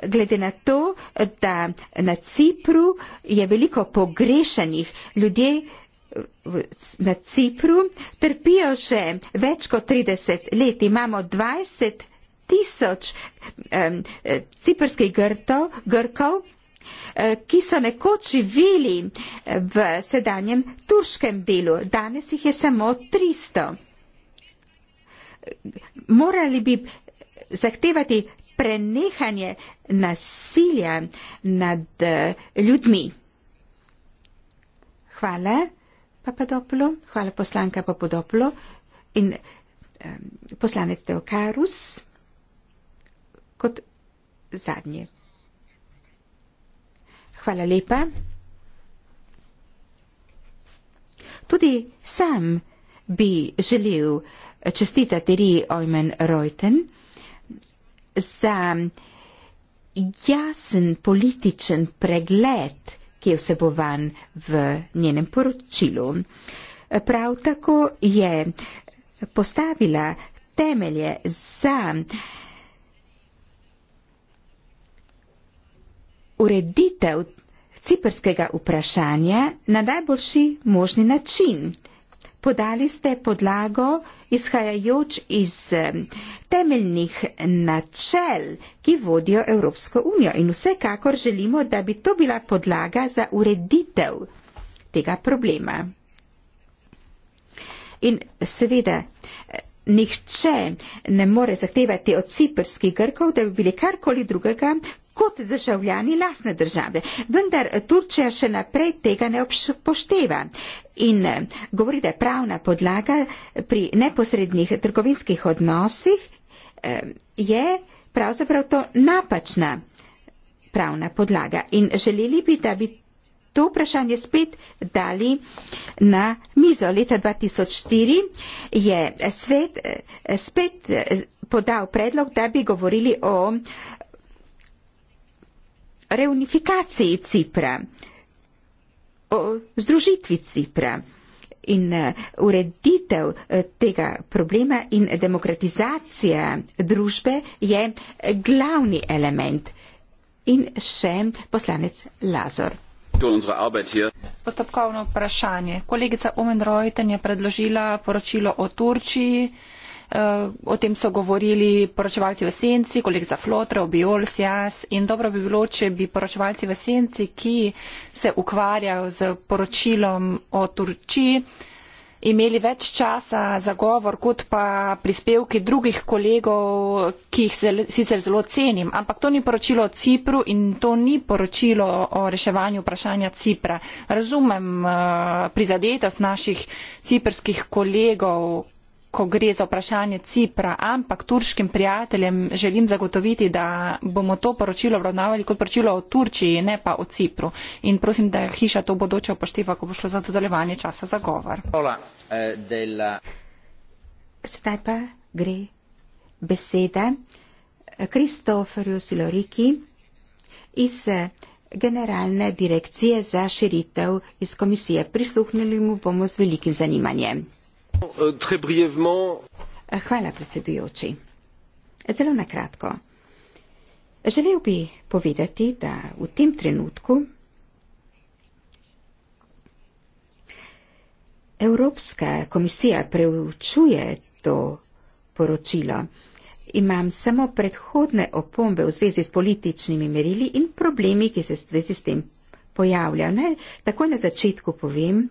glede na to, da na Cipru je veliko pogrešanih ljudi na Cipru, trpijo že več kot 30 let, imamo 20 tisoč um, ciprskih grkov, Eh, ki so nekoč živeli eh, v sedanjem turškem delu. Danes jih je samo 300. Morali bi zahtevati prenehanje nasilja nad eh, ljudmi. Hvala Papadopolo, hvala poslanka Papadopolo in poslanec Teokarus kot zadnje. Hvala lepa. Tudi sam bi želel čestitati Ri Ojmen Reuten za jasen političen pregled, ki je vsebovan v njenem poročilu. Prav tako je postavila temelje za ureditev ciperskega vprašanja na najboljši možni način. Podali ste podlago, izhajajoč iz eh, temeljnih načel, ki vodijo Evropsko unijo in vsekakor želimo, da bi to bila podlaga za ureditev tega problema. In seveda, eh, nihče ne more zahtevati od ciperskih grkov, da bi bili karkoli drugega kot državljani lasne države. Vendar Turčija še naprej tega ne upošteva in eh, govori, da je pravna podlaga pri neposrednih trgovinskih odnosih eh, je pravzaprav to napačna pravna podlaga in želeli bi, da bi to vprašanje spet dali na mizo. Leta 2004 je svet eh, spet podal predlog, da bi govorili o reunifikaciji Cipra, o združitvi Cipra in eh, ureditev eh, tega problema in demokratizacija družbe je eh, glavni element. In še poslanec Lazor. Postopkovno vprašanje. Kolegica Omen Reuten je predložila poročilo o Turčiji. Eh, o tem so govorili poročevalci v senci, kolegica Flotra, Obiol, Sjas in dobro bi bilo, če bi poročevalci v senci, ki se ukvarjajo z poročilom o Turčiji, imeli več časa za govor kot pa prispevki drugih kolegov, ki jih se, sicer zelo cenim. Ampak to ni poročilo o Cipru in to ni poročilo o reševanju vprašanja Cipra. Razumem uh, prizadetost naših ciprskih kolegov, ko gre za vprašanje Cipra, ampak turškim prijateljem želim zagotoviti, da bomo to poročilo obravnavali kot poročilo o Turčiji, ne pa o Cipru. In prosim, da hiša to bodoče upošteva, ko bo šlo za dodeljevanje časa za govor. Eh, Sedaj pa gre beseda eh, Kristoferju Siloriki iz eh, Generalne direkcije za širitev iz komisije. Prisluhnili mu bomo z velikim zanimanjem. Euh, Hvala, predsedujoči. Zelo na kratko. Želel bi povedati, da v tem trenutku Evropska komisija preučuje to poročilo. Imam samo predhodne opombe v zvezi s političnimi merili in problemi, ki se zvezi s tem pojavljajo. Takoj na začetku povem,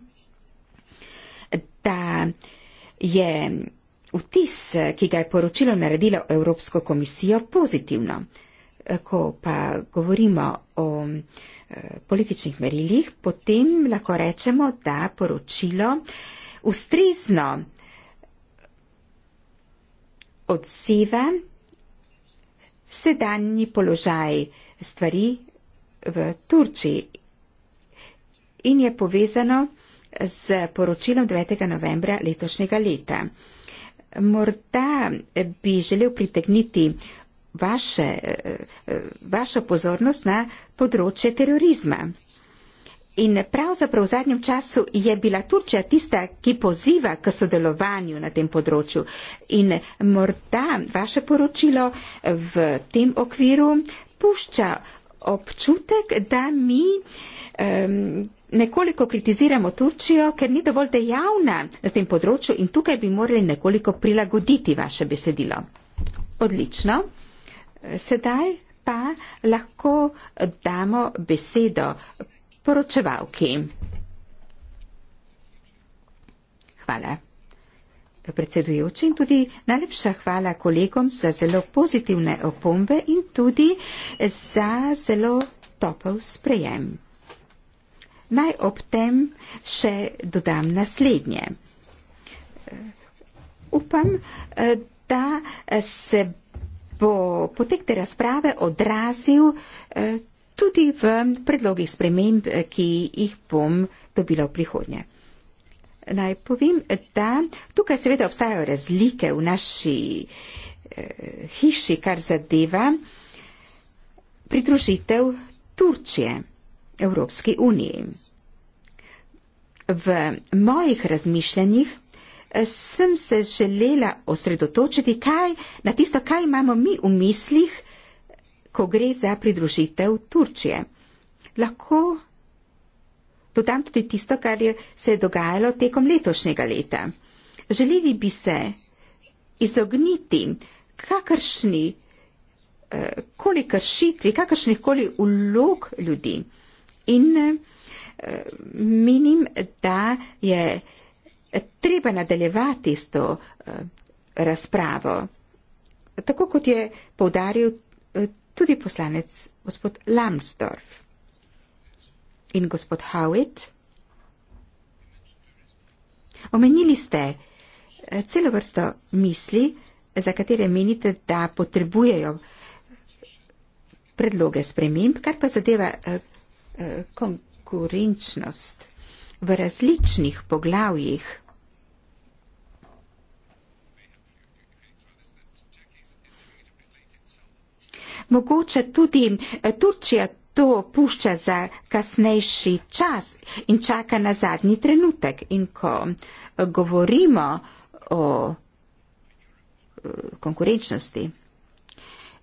da je vtis, ki ga je poročilo naredilo Evropsko komisijo, pozitivno. Ko pa govorimo o eh, političnih merilih, potem lahko rečemo, da poročilo ustrezno odseva sedanji položaj stvari v Turčiji in je povezano z poročilom 9. novembra letošnjega leta. Morda bi želel pritegniti vaše, vašo pozornost na področje terorizma. In pravzaprav v zadnjem času je bila Turčija tista, ki poziva k sodelovanju na tem področju. In morda vaše poročilo v tem okviru pušča občutek, da mi um, nekoliko kritiziramo Turčijo, ker ni dovolj dejavna na tem področju in tukaj bi morali nekoliko prilagoditi vaše besedilo. Odlično. Sedaj pa lahko damo besedo poročevalki. Hvala predsedujoči in tudi najlepša hvala kolegom za zelo pozitivne opombe in tudi za zelo topel sprejem. Naj ob tem še dodam naslednje. Upam, da se bo potek te razprave odrazil eh, tudi v predlogih sprememb, eh, ki jih bom dobila v prihodnje naj povem, da tukaj seveda obstajajo razlike v naši eh, hiši, kar zadeva pridružitev Turčije Evropski uniji. V mojih razmišljanjih eh, sem se želela osredotočiti kaj, na tisto, kaj imamo mi v mislih, ko gre za pridružitev Turčije. Lahko dodam tudi tisto, kar je, se je dogajalo tekom letošnjega leta. Želeli bi se izogniti kakršni eh, koli kršitvi, kakršnih koli ulog ljudi. In eh, menim, da je treba nadaljevati s to eh, razpravo, tako kot je povdaril tudi poslanec gospod Lambsdorff in gospod Howitt. Omenili ste eh, celo vrsto misli, za katere menite, da potrebujejo predloge sprememb, kar pa zadeva eh, eh, konkurenčnost v različnih poglavjih. Mogoče tudi Turčija to pušča za kasnejši čas in čaka na zadnji trenutek. In ko eh, govorimo o eh, konkurenčnosti,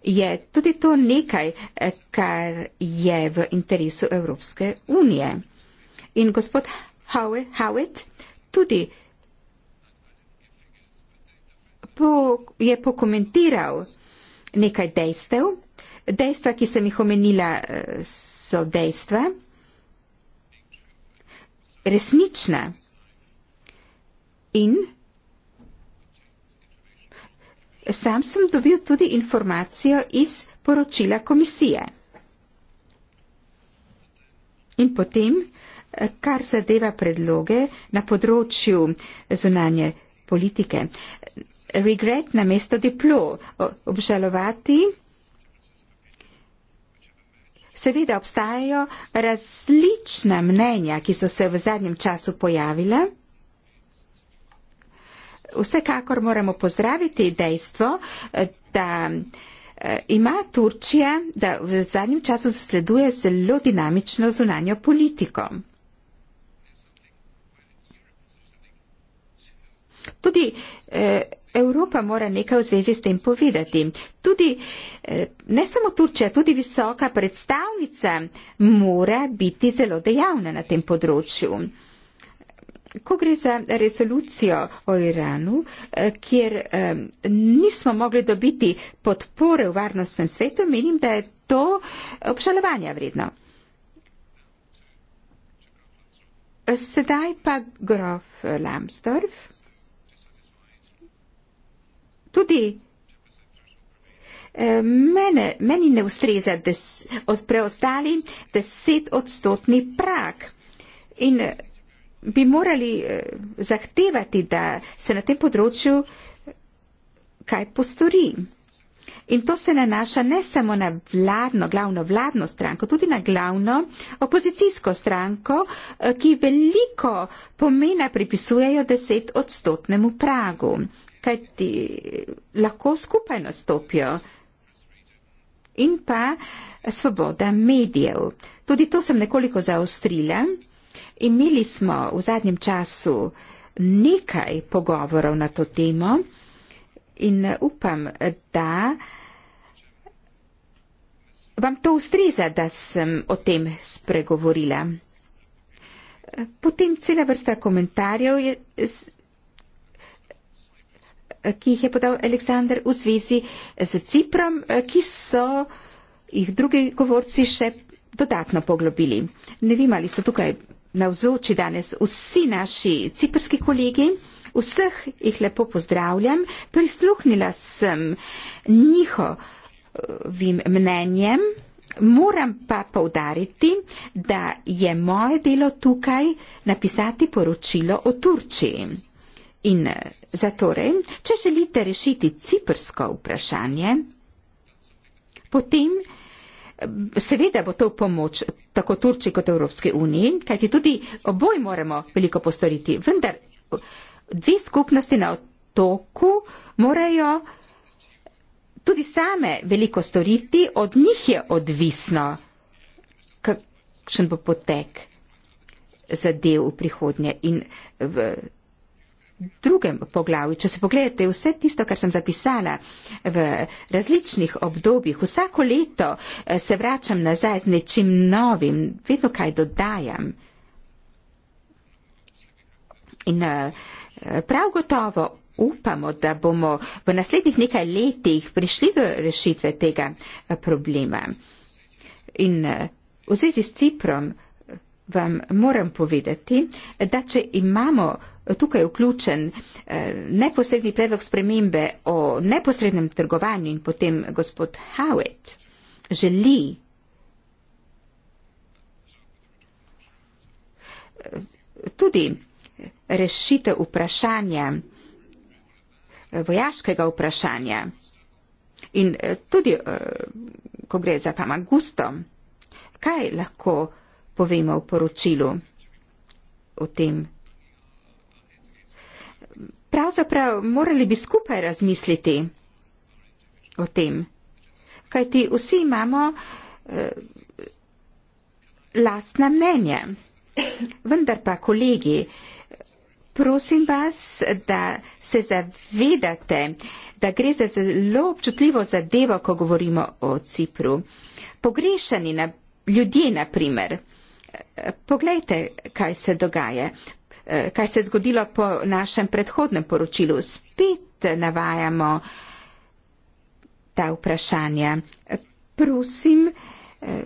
je tudi to nekaj, eh, kar je v interesu Evropske unije. In gospod Howitt tudi po, je pokomentiral nekaj dejstev, Dejstva, ki sem jih omenila, so dejstva. Resnične. In sam sem dobil tudi informacijo iz poročila komisije. In potem, kar zadeva predloge na področju zunanje politike. Regret na mesto diplo, obžalovati Seveda obstajajo različna mnenja, ki so se v zadnjem času pojavile. Vsekakor moramo pozdraviti dejstvo, da eh, ima Turčija, da v zadnjem času zasleduje zelo dinamično zunanjo politiko. Tudi eh, Evropa mora nekaj v zvezi s tem povedati. Tudi, eh, ne samo Turčija, tudi visoka predstavnica mora biti zelo dejavna na tem področju. Ko gre za resolucijo o Iranu, eh, kjer eh, nismo mogli dobiti podpore v varnostnem svetu, menim, da je to obžalovanja vredno. Eh, sedaj pa grof Lambsdorff tudi. Eh, mene, meni ne ustreza des, od preostali deset odstotni prak in eh, bi morali eh, zahtevati, da se na tem področju kaj postori. In to se nanaša ne samo na vladno, glavno vladno stranko, tudi na glavno opozicijsko stranko, ki veliko pomena pripisujejo deset odstotnemu pragu kaj ti lahko skupaj nastopijo. In pa svoboda medijev. Tudi to sem nekoliko zaostrila. Imeli smo v zadnjem času nekaj pogovorov na to temo in upam, da vam to ustreza, da sem o tem spregovorila. Potem cela vrsta komentarjev je, ki jih je podal Aleksandr v zvezi z Ciprom, eh, ki so jih drugi govorci še dodatno poglobili. Ne vem, ali so tukaj navzoči danes vsi naši ciprski kolegi. Vseh jih lepo pozdravljam. Prisluhnila sem njihovim mnenjem. Moram pa povdariti, da je moje delo tukaj napisati poročilo o Turčiji. In eh, zatorej, če želite rešiti ciprsko vprašanje, potem eh, seveda bo to pomoč tako Turčji kot Evropske unije, kajti tudi oboj moramo veliko postoriti, vendar eh, dve skupnosti na otoku morajo tudi same veliko storiti, od njih je odvisno, kakšen bo potek zadev v prihodnje in v drugem poglavju, če se pogledate vse tisto, kar sem zapisala v različnih obdobjih, vsako leto eh, se vračam nazaj z nečim novim, vedno kaj dodajam. In eh, prav gotovo upamo, da bomo v naslednjih nekaj letih prišli do rešitve tega eh, problema. In v zvezi s Ciprom vam moram povedati, da če imamo tukaj vključen eh, neposredni predlog spremembe o neposrednem trgovanju in potem gospod Howitt želi eh, tudi rešitev vprašanja, eh, vojaškega vprašanja in tudi, ko gre za Famagusto, kaj lahko povemo v poročilu o tem. Pravzaprav morali bi skupaj razmisliti o tem, kajti vsi imamo eh, lastna mnenja. Vendar pa, kolegi, prosim vas, da se zavedate, da gre za zelo občutljivo zadevo, ko govorimo o Cipru. Pogrešani na, ljudje, na primer, Poglejte, kaj se dogaja, eh, kaj se je zgodilo po našem predhodnem poročilu. Spet navajamo ta vprašanja. Prosim eh,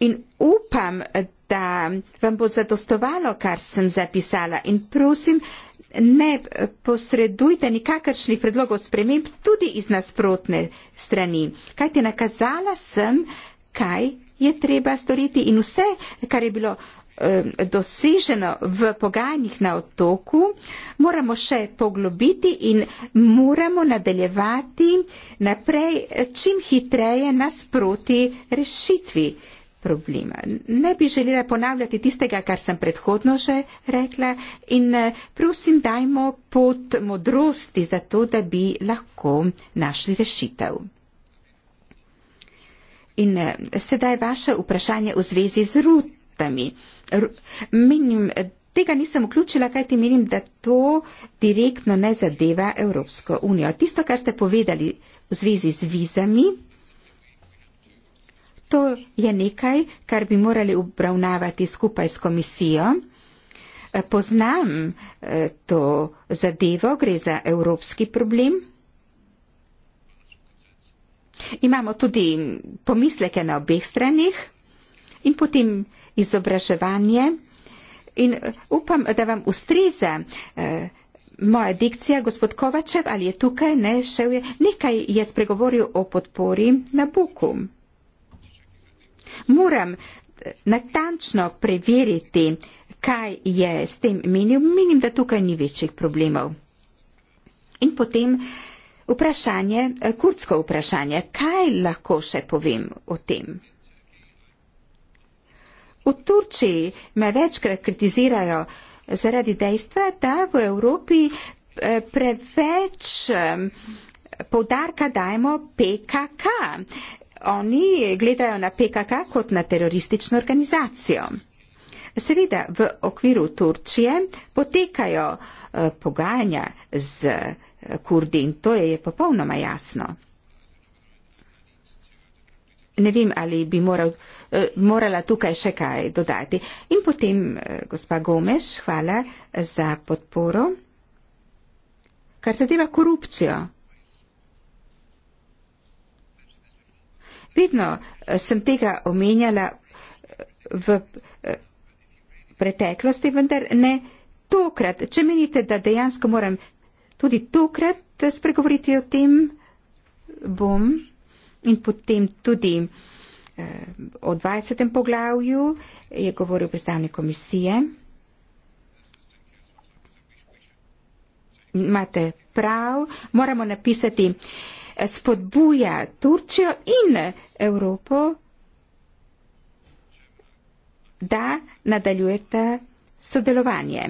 in upam, da vam bo zadostovalo, kar sem zapisala. In prosim, ne posredujte nikakršnih predlogov sprememb tudi iz nasprotne strani. Kaj ti nakazala sem, kaj je treba storiti in vse, kar je bilo eh, doseženo v pogajanjih na otoku, moramo še poglobiti in moramo nadaljevati naprej čim hitreje nasproti rešitvi problema. Ne bi želela ponavljati tistega, kar sem predhodno že rekla in eh, prosim, dajmo pot modrosti za to, da bi lahko našli rešitev. In eh, sedaj vaše vprašanje v zvezi z rutami. R menim, eh, tega nisem vključila, kaj ti menim, da to direktno ne zadeva Evropsko unijo. Tisto, kar ste povedali v zvezi z vizami, to je nekaj, kar bi morali obravnavati skupaj s komisijo. Eh, poznam to zadevo, gre za evropski problem. Imamo tudi pomisleke na obeh stranih in potem izobraževanje. In eh, upam, da vam ustriza eh, moja dikcija, gospod Kovačev, ali je tukaj, ne, še je. Nekaj je spregovoril o podpori na Buku. Moram eh, natančno preveriti, kaj je s tem menil. Menim, da tukaj ni večjih problemov. In potem eh, Vprašanje, eh, kurdsko vprašanje, kaj lahko še povem o tem? V Turčiji me večkrat kritizirajo zaradi dejstva, da v Evropi eh, preveč povdarka dajemo PKK. Oni gledajo na PKK kot na teroristično organizacijo. Seveda v okviru Turčije potekajo eh, pogajanja z kurdi in to je popolnoma jasno. Ne vem, ali bi moral, eh, morala tukaj še kaj dodati. In potem, eh, gospa Gomeš, hvala za podporo. Kar zadeva korupcijo. Vedno eh, sem tega omenjala v preteklosti, vendar ne tokrat. Če menite, da dejansko moram tudi tokrat spregovoriti o tem bom in potem tudi eh, o 20. poglavju je govoril predstavnik komisije. Imate prav, moramo napisati eh, spodbuja Turčijo in Evropo, da nadaljujete sodelovanje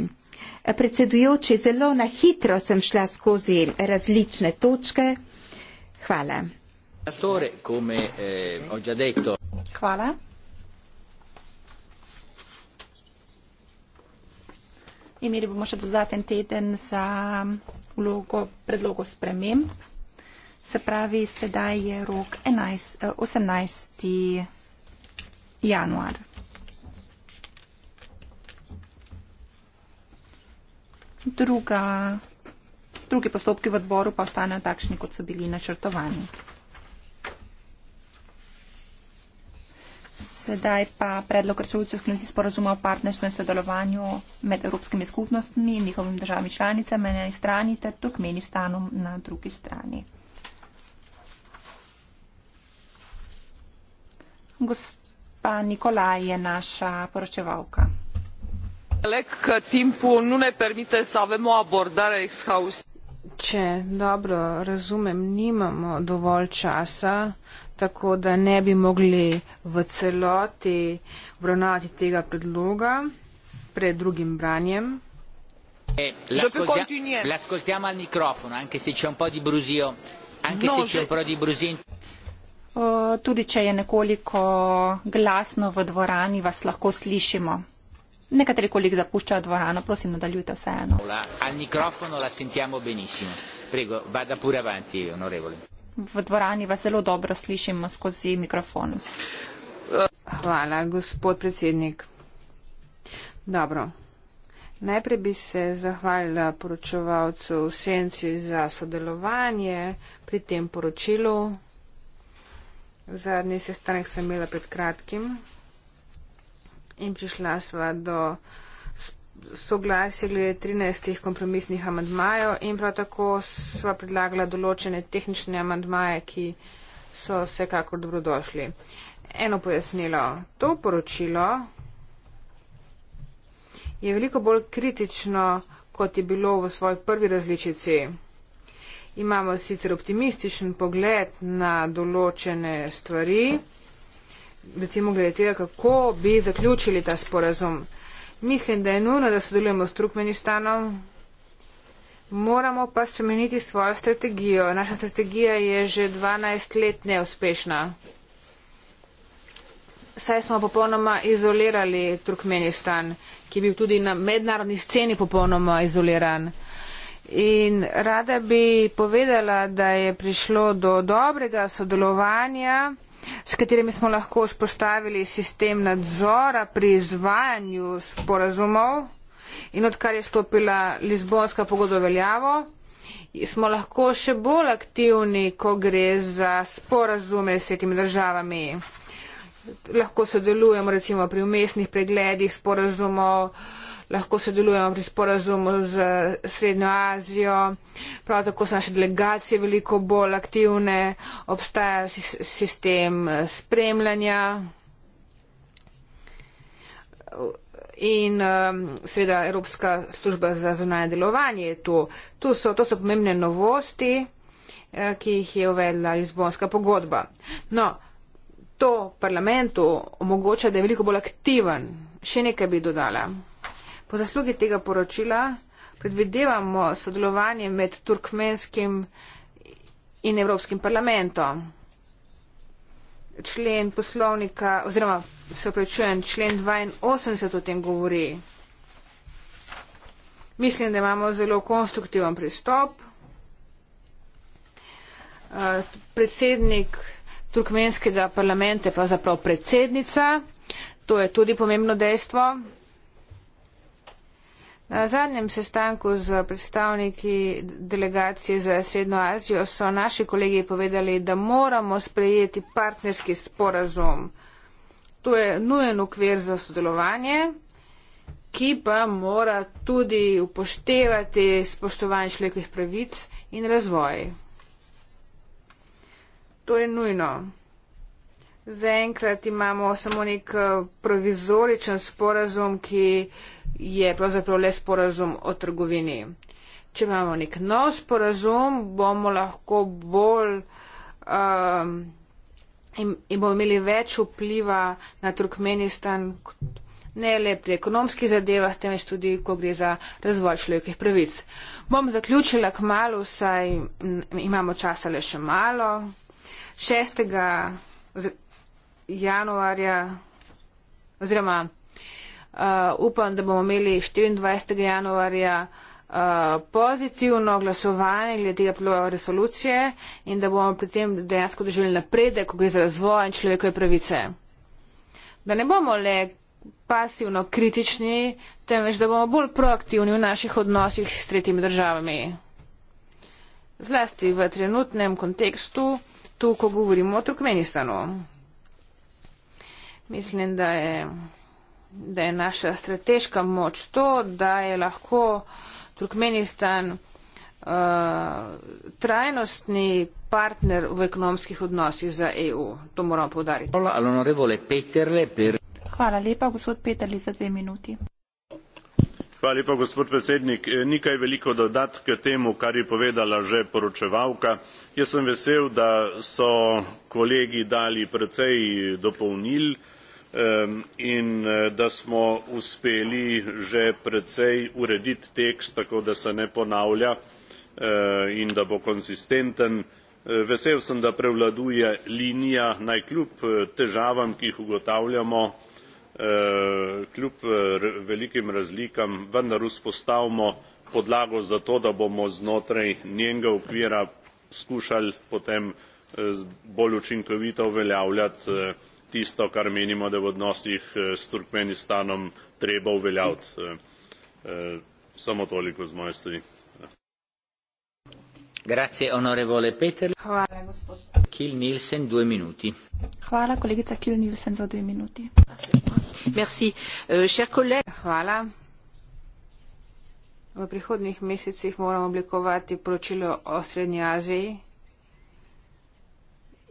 predsedujoči, zelo na hitro sem šla skozi različne točke. Hvala. Eh, Hvala. Imeli bomo še dodaten teden za vlogo predlogov sprememb. Se pravi, sedaj je rok 18. Eh, januar. druga, drugi postopki v odboru pa ostanejo takšni, kot so bili načrtovani. Sedaj pa predlog resolucije v sklenici sporozuma o partnerstvu in sodelovanju med evropskimi skupnostmi in njihovimi državami članicami na eni strani ter Turkmenistanom na drugi strani. Gospa Nikolaj je naša poročevalka înțeleg că timpul nu ne permite să avem o abordare exhaustivă. Če dobro razumem, nimamo dovolj časa, tako da ne bi mogli v celoti obravnavati tega predloga pred drugim branjem. Eh, no, eh, tudi če je nekoliko glasno v dvorani, vas lahko slišimo. Nekateri kolik zapuščajo dvorano, prosim, nadaljujte vseeno. Al mikrofono la sentiamo benissimo. Prego, vada pure avanti, onorevole. V dvorani vas zelo dobro slišimo skozi mikrofon. Hvala, gospod predsednik. Dobro. Najprej bi se zahvalila poročevalcu v senci za sodelovanje pri tem poročilu. Zadnji sestanek sem imela pred kratkim in prišla sva do soglasja glede 13 kompromisnih amandmajev in prav tako sva predlagala določene tehnične amandmaje, ki so vsekakor dobrodošli. Eno pojasnilo. To poročilo je veliko bolj kritično, kot je bilo v svoji prvi različici. Imamo sicer optimističen pogled na določene stvari, recimo glede tega, kako bi zaključili ta sporazum. Mislim, da je nujno, da sodelujemo s Turkmenistanom. Moramo pa spremeniti svojo strategijo. Naša strategija je že 12 let neuspešna. Saj smo popolnoma izolirali Turkmenistan, ki je bil tudi na mednarodni sceni popolnoma izoliran. In rada bi povedala, da je prišlo do dobrega sodelovanja s katerimi smo lahko vzpostavili sistem nadzora pri izvajanju sporazumov in odkar je stopila Lizbonska pogodba veljavo, smo lahko še bolj aktivni, ko gre za sporazume s tretjimi državami. Lahko sodelujemo recimo pri umestnih pregledih sporazumov, lahko sodelujemo pri sporazumu z Srednjo Azijo, prav tako so naše delegacije veliko bolj aktivne, obstaja sistem eh, spremljanja in eh, seveda Evropska služba za zunanje delovanje je tu. tu so, to so pomembne novosti, eh, ki jih je uvedla Lizbonska pogodba. No, to parlamentu omogoča, da je veliko bolj aktiven. Še nekaj bi dodala. Po zaslugi tega poročila predvidevamo sodelovanje med turkmenskim in evropskim parlamentom. Člen poslovnika oziroma se oprečujem, člen 82 o tem govori. Mislim, da imamo zelo konstruktiven pristop. Eh, predsednik turkmenskega parlamenta, pravzaprav predsednica, to je tudi pomembno dejstvo. Na zadnjem sestanku z predstavniki delegacije za Srednjo Azijo so naši kolegi povedali, da moramo sprejeti partnerski sporazum. To je nujen ukvir za sodelovanje, ki pa mora tudi upoštevati spoštovanje človekovih pravic in razvoj. To je nujno. Zaenkrat imamo samo nek eh, provizoričen sporazum, ki je pravzaprav le sporazum o trgovini. Če imamo nek nov sporazum, bomo lahko bolj um, ehm, in, in bomo imeli več vpliva na Turkmenistan, ne le pri ekonomskih zadevah, temveč tudi, ko gre za razvoj človekih pravic. Bom zaključila k malu, saj imamo časa le še malo. 6 januarja oziroma uh, upam, da bomo imeli 24. januarja uh, pozitivno glasovanje glede tega priloga resolucije in da bomo pri tem dejansko doželi napredek, ko gre za razvoj in človekove pravice. Da ne bomo le pasivno kritični, temveč da bomo bolj proaktivni v naših odnosih s tretjimi državami. Zlasti v trenutnem kontekstu, tu ko govorimo o Turkmenistanu. Mislim, da je, da je naša strateška moč to, da je lahko Turkmenistan uh, trajnostni partner v ekonomskih odnosih za EU. To moramo povdariti. Hvala lepa, gospod Peterli, za dve minuti. Hvala lepa, gospod predsednik. Eh, Nikaj veliko dodat k temu, kar je povedala že poročevalka. Jaz sem vesel, da so kolegi dali precej dopolnil in eh, da smo uspeli že precej urediti tekst tako da se ne ponavlja eh, in da bo konsistenten. Eh, vesel sem da prevladuje linija naj kljub težavam ki jih ugotavljamo kljub velikim razlikam vendar vzpostavimo podlago za to da bomo znotraj njenega okvira skušali potem bolj učinkovito uveljavljati tisto, kar menimo, da v odnosih eh, s Turkmenistanom treba uveljaviti. Eh, eh, samo toliko z moje strani. Grazie, onorevole Peter. Hvala, gospod. Kil Nielsen, dve minuti. Hvala, kolegica Kil Nielsen, za dve minuti. Merci. Še uh, kolega. Hvala. V prihodnih mesecih moramo oblikovati poročilo o Srednji Aziji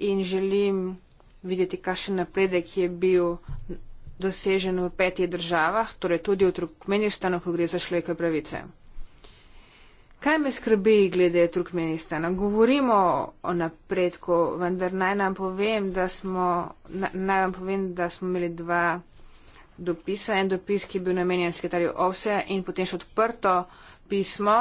in želim videti, kakšen napredek je bil dosežen v petih državah, torej tudi v Turkmenistanu, ko gre za človekove pravice. Kaj me skrbi glede Turkmenistana? Govorimo o napredku, vendar naj nam povem, da smo, naj vam povem, da smo imeli dva dopisa. En dopis, ki je bil namenjen sekretarju OVSE in potem še odprto pismo,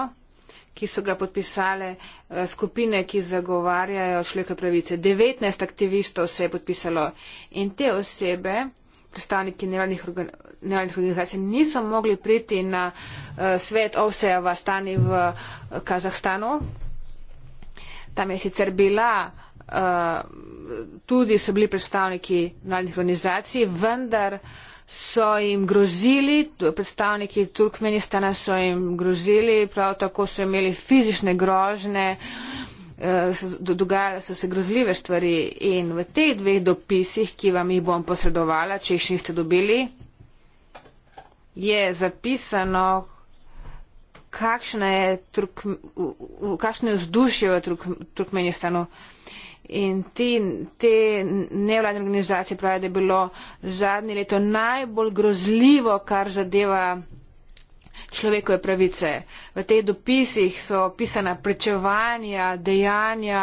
ki so ga podpisale eh, skupine, ki zagovarjajo človekove pravice. 19 aktivistov se je podpisalo in te osebe, predstavniki nevladnih organiz organizacij, niso mogli priti na eh, svet Ovseva stani v eh, Kazahstanu. Tam je sicer bila. Uh, tudi so bili predstavniki mladih organizacij, vendar uh, so jim grozili, predstavniki Turkmenistana so jim grozili, prav tako so imeli fizične grožne, eh, dogajale so se grozljive stvari in v teh dveh dopisih, ki vam jih bom posredovala, če jih še niste dobili, je zapisano, kakšno je, Turk, kakšno je vzdušje v Turk, Turkmenistanu. In ti, te nevladne organizacije pravijo, da je bilo zadnje leto najbolj grozljivo, kar zadeva človekove pravice. V teh dopisih so pisana prečevanja, dejanja.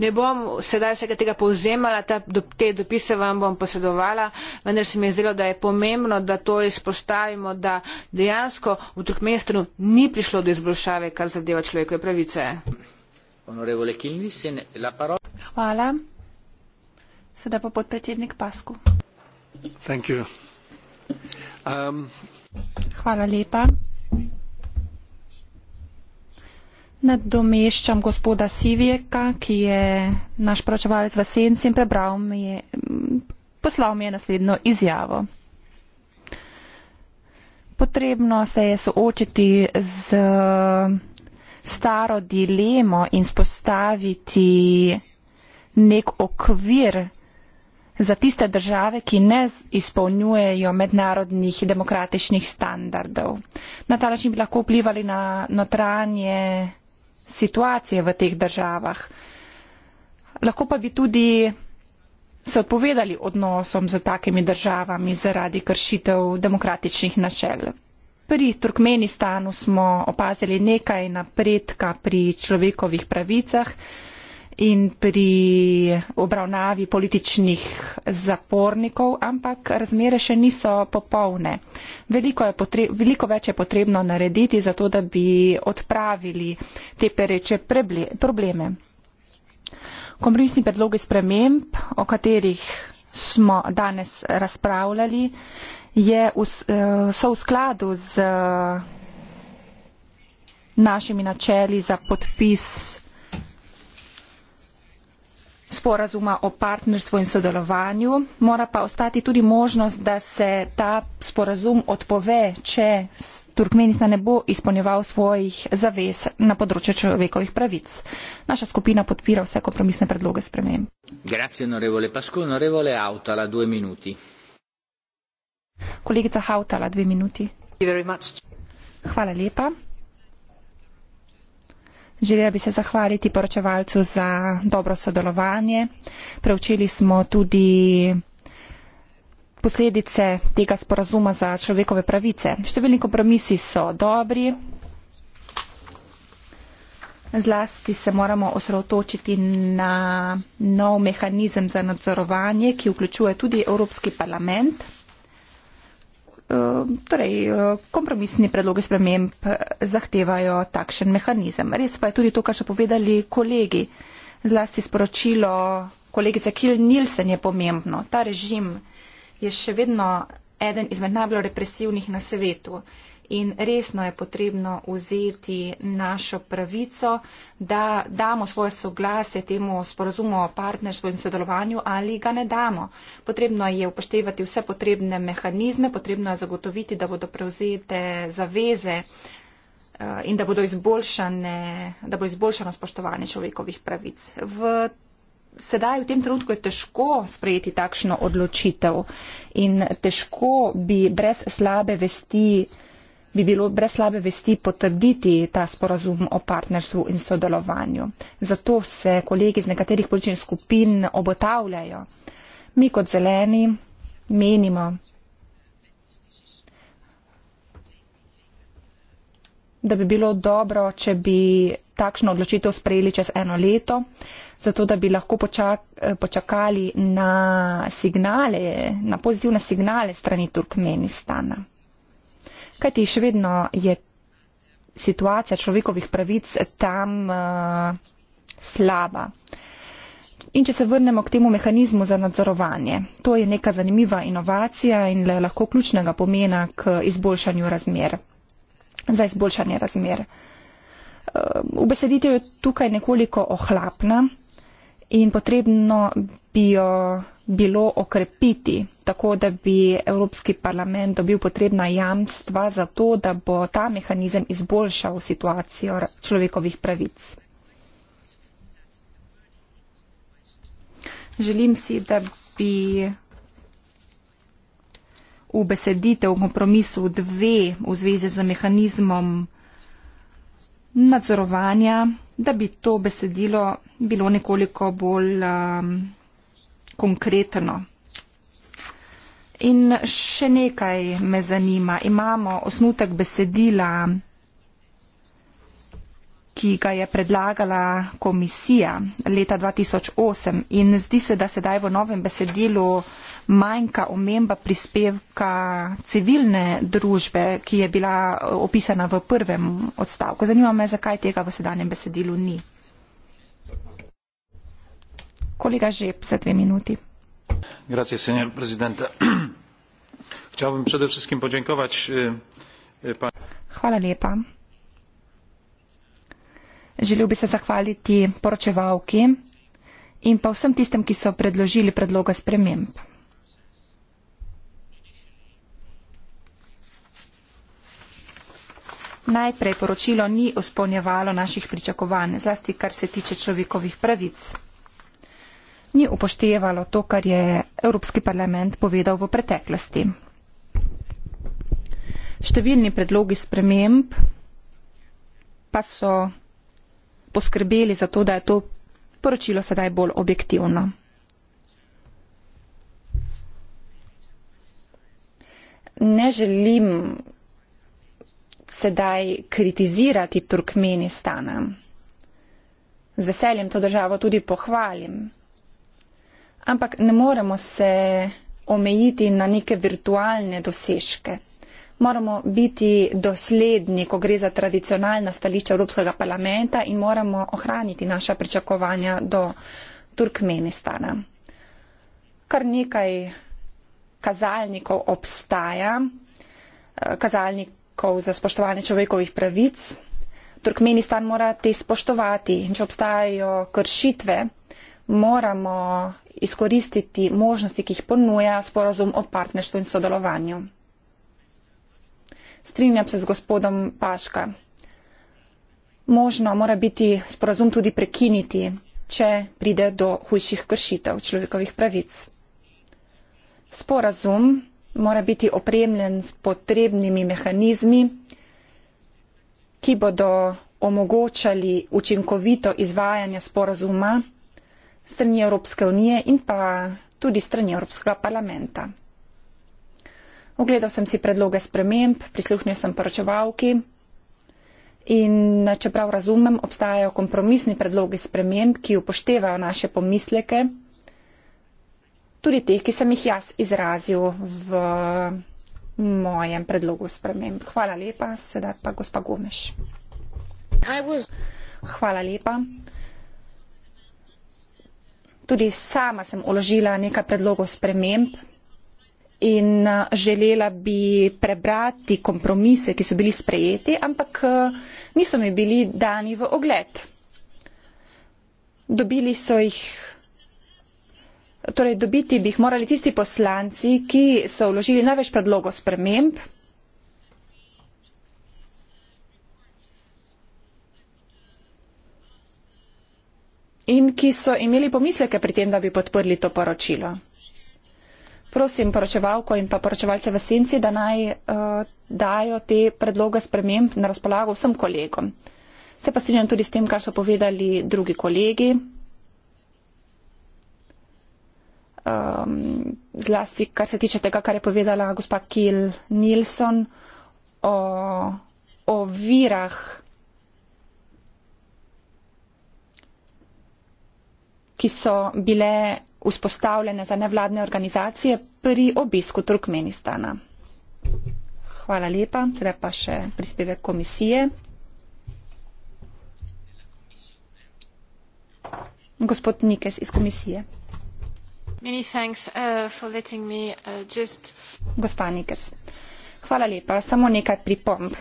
Ne bom sedaj vsega tega povzemala, ta, te dopise vam bom posredovala, vendar se mi je zdelo, da je pomembno, da to izpostavimo, da dejansko v Turkmenistanu ni prišlo do izboljšave, kar zadeva človekove pravice. Hvala. Sedaj pa podpredsednik Pasku. Thank you. Um, Hvala lepa. Nadomeščam gospoda Sivijeka, ki je naš pročevalec v Senci in prebral mi je, poslal mi je naslednjo izjavo. Potrebno se je soočiti z staro dilemo in spostaviti nek okvir za tiste države, ki ne izpolnjujejo mednarodnih demokratičnih standardov. Na ta način bi lahko vplivali na notranje situacije v teh državah. Lahko pa bi tudi se odpovedali odnosom z takimi državami zaradi kršitev demokratičnih načel. Pri Turkmenistanu smo opazili nekaj napredka pri človekovih pravicah in pri obravnavi političnih zapornikov, ampak razmere še niso popolne. Veliko, je potre, veliko več je potrebno narediti, zato da bi odpravili te pereče preble, probleme. Kompromisni predlogi sprememb, o katerih smo danes razpravljali, je, eh, so v skladu z eh, našimi načeli za podpis sporazuma o partnerstvu in sodelovanju, mora pa ostati tudi možnost, da se ta sporazum odpove, če Turkmenistan ne bo izpolnjeval svojih zavez na področju človekovih pravic. Naša skupina podpira vse kompromisne predloge sprememb. Kolegica Hautala, dve minuti. Hvala lepa. Želela bi se zahvaliti poročevalcu za dobro sodelovanje. Preučili smo tudi posledice tega sporazuma za človekove pravice. Številni kompromisi so dobri. Zlasti se moramo osredotočiti na nov mehanizem za nadzorovanje, ki vključuje tudi Evropski parlament. Ehm, torej, eh, kompromisni predloge sprememb zahtevajo takšen mehanizem. Res pa je tudi to, kar so povedali kolegi, zlasti sporočilo kolegice Kil Nilsen je pomembno. Ta režim je še vedno eden izmed najbolj represivnih na svetu in resno je potrebno vzeti našo pravico, da damo svoje soglasje temu sporazumu o partnerstvu in sodelovanju ali ga ne damo. Potrebno je upoštevati vse potrebne mehanizme, potrebno je zagotoviti, da bodo prevzete zaveze eh, in da, bodo da bo izboljšano spoštovanje človekovih pravic. V Sedaj v tem trenutku je težko sprejeti takšno odločitev in težko bi brez slabe vesti bi bilo brez slabe vesti potrditi ta sporazum o partnerstvu in sodelovanju. Zato se kolegi iz nekaterih političnih skupin obotavljajo. Mi kot zeleni menimo, da bi bilo dobro, če bi takšno odločitev sprejeli čez eno leto, zato da bi lahko počak, počakali na signale, na pozitivne signale strani Turkmenistana kajti še vedno je situacija človekovih pravic tam uh, slaba. In če se vrnemo k temu mehanizmu za nadzorovanje, to je neka zanimiva inovacija in le lahko ključnega pomena k izboljšanju razmer. Za izboljšanje razmer. Eh, ubeseditev je tukaj nekoliko ohlapna in potrebno bi jo bilo okrepiti, tako da bi Evropski parlament dobil potrebna jamstva za to, da bo ta mehanizem izboljšal situacijo človekovih pravic. Želim si, da bi v beseditev kompromisu dve v zvezi z mehanizmom nadzorovanja, da bi to besedilo bilo nekoliko bolj um, konkretno. In še nekaj me zanima. Imamo osnutek besedila, ki ga je predlagala komisija leta 2008 in zdi se, da sedaj v novem besedilu manjka omemba prispevka civilne družbe, ki je bila opisana v prvem odstavku. Zanima me, zakaj tega v sedanjem besedilu ni. Kolega Žep za dve minuti. Grazie, senjor prezidenta. Chciałbym przede wszystkim podziękować e, e, pani... Hvala lepa. Želil bi se zahvaliti poročevalki in pa vsem tistem, ki so predložili predloga sprememb. Najprej poročilo ni usponjevalo naših pričakovanj, zlasti kar se tiče človekovih pravic ni upoštevalo to, kar je Evropski parlament povedal v preteklosti. Številni predlogi sprememb pa so poskrbeli za to, da je to poročilo sedaj bolj objektivno. Ne želim sedaj kritizirati Turkmenistana. Z veseljem to državo tudi pohvalim, Ampak ne moremo se omejiti na neke virtualne dosežke. Moramo biti dosledni, ko gre za tradicionalna stališča Evropskega parlamenta in moramo ohraniti naša pričakovanja do Turkmenistana. Kar nekaj kazalnikov obstaja, kazalnikov za spoštovanje človekovih pravic. Turkmenistan mora te spoštovati in če obstajajo kršitve, moramo izkoristiti možnosti, ki jih ponuja sporazum o partnerstvu in sodelovanju. Strinjam se z gospodom Paška. Možno mora biti sporazum tudi prekiniti, če pride do hujših kršitev človekovih pravic. Sporazum mora biti opremljen s potrebnimi mehanizmi, ki bodo omogočali učinkovito izvajanje sporazuma strani Evropske unije in pa tudi strani Evropskega parlamenta. Ogledal sem si predloge sprememb, prisluhnil sem poročevalki in čeprav razumem, obstajajo kompromisni predloge sprememb, ki upoštevajo naše pomisleke, tudi te, ki sem jih jaz izrazil v mojem predlogu sprememb. Hvala lepa, sedaj pa gospa Gomeš. Hvala lepa. Tudi sama sem uložila nekaj predlogov sprememb in eh, želela bi prebrati kompromise, ki so bili sprejeti, ampak eh, niso mi bili dani v ogled. Dobili so jih, torej dobiti bi jih morali tisti poslanci, ki so uložili največ predlogov sprememb in ki so imeli pomisleke pri tem, da bi podprli to poročilo. Prosim poročevalko in pa poročevalce v senci, da naj uh, dajo te predloge sprememb na razpolago vsem kolegom. Se pa strinjam tudi s tem, kar so povedali drugi kolegi, um, zlasti kar se tiče tega, kar je povedala gospa Kil Nilsson o, o virah. ki so bile vzpostavljene za nevladne organizacije pri obisku Turkmenistana. Hvala lepa. Zdaj pa še prispevek komisije. Gospod Nikes iz komisije. Many thanks, uh, for letting me, uh, just... Gospa Nikes, hvala lepa. Samo nekaj pripomb.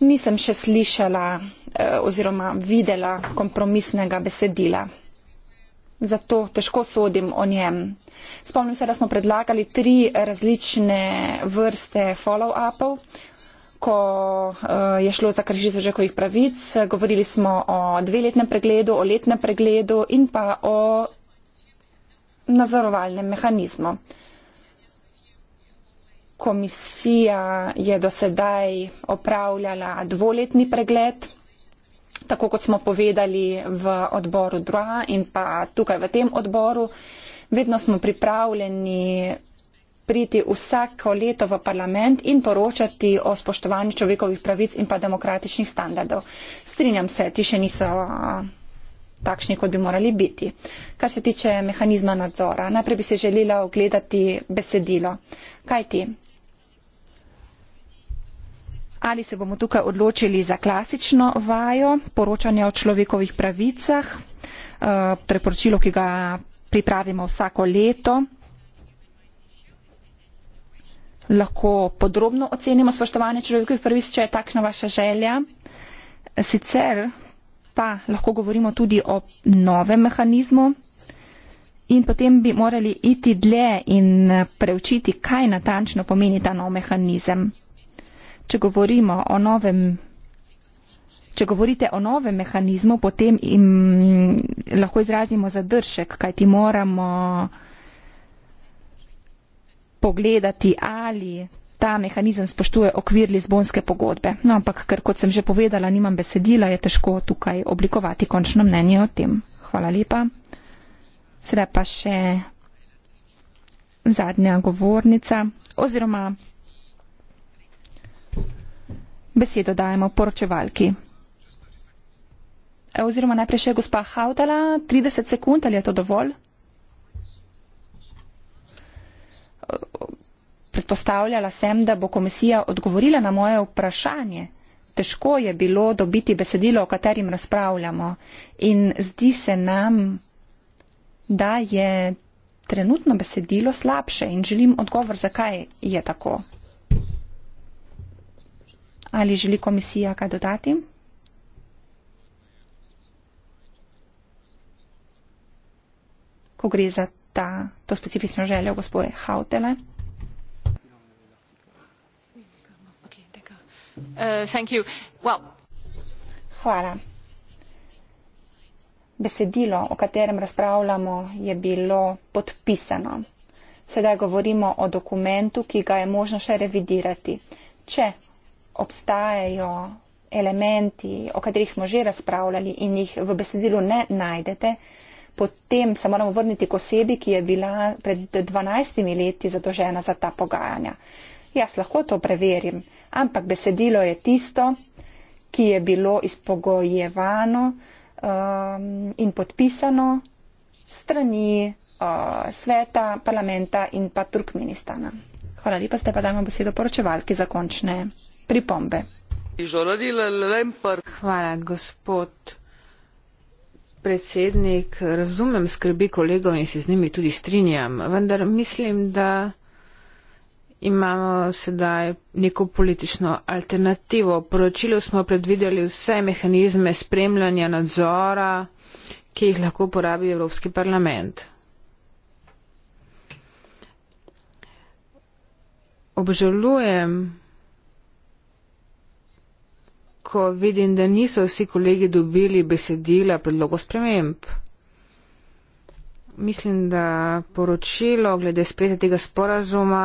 nisem še slišala eh, oziroma videla kompromisnega besedila. Zato težko sodim o njem. Spomnim se, da smo predlagali tri različne vrste follow-upov, ko eh, je šlo za kršitev žekovih pravic. Govorili smo o dveletnem pregledu, o letnem pregledu in pa o nazorovalnem mehanizmu komisija je do sedaj opravljala dvoletni pregled, tako kot smo povedali v odboru 2 in pa tukaj v tem odboru. Vedno smo pripravljeni priti vsako leto v parlament in poročati o spoštovanju človekovih pravic in pa demokratičnih standardov. Strinjam se, ti še niso takšni, kot bi morali biti. Kar se tiče mehanizma nadzora, najprej bi se želela ogledati besedilo. Kaj ti? ali se bomo tukaj odločili za klasično vajo poročanja o človekovih pravicah, eh, torej poročilo, ki ga pripravimo vsako leto. Lahko podrobno ocenimo spoštovanje človekovih pravic, če je takšna vaša želja. Sicer pa lahko govorimo tudi o novem mehanizmu in potem bi morali iti dlje in preučiti, kaj natančno pomeni ta nov mehanizem. Če govorimo o novem. Če govorite o novem mehanizmu, potem im, lahko izrazimo zadržek, kajti moramo pogledati, ali ta mehanizem spoštuje okvir Lizbonske pogodbe. No, ampak, ker kot sem že povedala, nimam besedila, je težko tukaj oblikovati končno mnenje o tem. Hvala lepa. Sedaj pa še zadnja govornica oziroma besedo dajemo poročevalki. E, oziroma najprej še gospa Haudela, 30 sekund, ali je to dovolj? Predpostavljala sem, da bo komisija odgovorila na moje vprašanje. Težko je bilo dobiti besedilo, o katerim razpravljamo. In zdi se nam, da je trenutno besedilo slabše in želim odgovor, zakaj je tako. Ali želi komisija kaj dodati? Ko gre za ta, to specifično željo gospoje Hautele. Uh, Hvala. Besedilo, o katerem razpravljamo, je bilo podpisano. Sedaj govorimo o dokumentu, ki ga je možno še revidirati. Če obstajajo elementi, o katerih smo že razpravljali in jih v besedilu ne najdete, potem se moramo vrniti k osebi, ki je bila pred 12 leti zadožena za ta pogajanja. Jaz lahko to preverim, ampak besedilo je tisto, ki je bilo izpogojevano um, in podpisano strani uh, sveta, parlamenta in pa Turkmenistana. Hvala lepa, ste pa dajmo besedo poročevalki za končne pripombe. Hvala, gospod predsednik. Razumem skrbi kolegov in se z njimi tudi strinjam, vendar mislim, da imamo sedaj neko politično alternativo. V poročilu smo predvideli vse mehanizme spremljanja nadzora, ki jih lahko uporabi Evropski parlament. Obžalujem, ko vidim, da niso vsi kolegi dobili besedila predlogo sprememb. Mislim, da poročilo glede sprejeta tega sporazuma,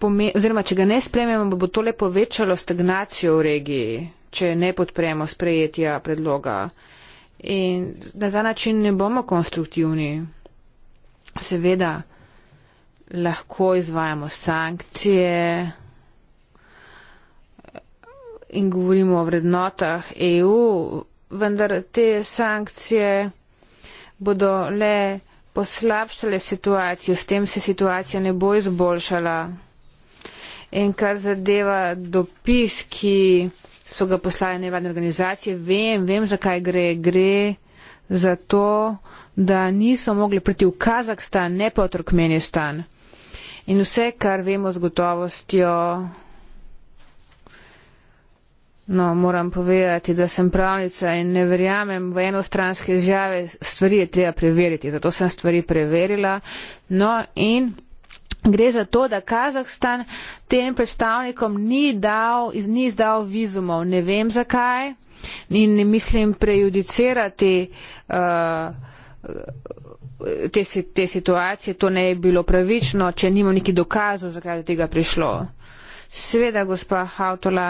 pome, oziroma če ga ne sprememo, bo to le povečalo stagnacijo v regiji, če ne podpremo sprejetja predloga. In na ta način ne bomo konstruktivni. Seveda, lahko izvajamo sankcije, in govorimo o vrednotah EU, vendar te sankcije bodo le poslabšale situacijo, s tem se situacija ne bo izboljšala. In kar zadeva dopis, ki so ga poslali nevadne organizacije, vem, vem, zakaj gre. Gre za to, da niso mogli priti v Kazahstan, ne pa v Turkmenistan. In vse, kar vemo z gotovostjo, No, moram povedati, da sem pravnica in ne verjamem v enostranske izjave, stvari je treba preveriti, zato sem stvari preverila. No, in gre za to, da Kazahstan tem predstavnikom ni, dal, ni izdal vizumov, ne vem zakaj, in ne mislim prejudicirati. Uh, Te, te situacije, to ne je bilo pravično, če nimamo neki dokazov, zakaj je do tega prišlo. Sveda, gospa Hautola.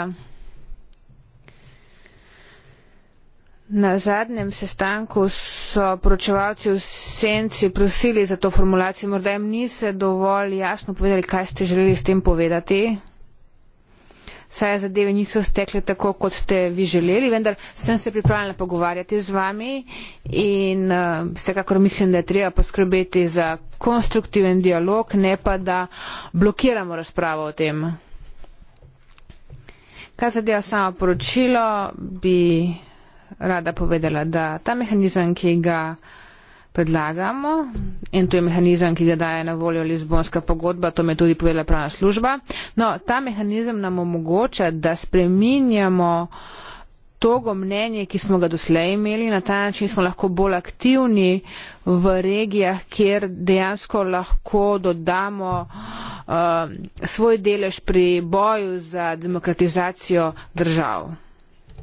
Na zadnjem sestanku so poročevalci v senci prosili za to formulacijo, morda jim niste dovolj jasno povedali, kaj ste želeli s tem povedati. Saj zadeve niso stekle tako, kot ste vi želeli, vendar sem se pripravljena pogovarjati z vami in uh, vsekakor mislim, da je treba poskrbeti za konstruktiven dialog, ne pa da blokiramo razpravo o tem. Kaj zadeva samo poročilo, bi rada povedala, da ta mehanizem, ki ga predlagamo in to je mehanizem, ki ga daje na voljo Lizbonska pogodba, to mi je tudi povedala pravna služba, no ta mehanizem nam omogoča, da spreminjamo togo mnenje, ki smo ga doslej imeli, na ta način smo lahko bolj aktivni v regijah, kjer dejansko lahko dodamo uh, svoj delež pri boju za demokratizacijo držav.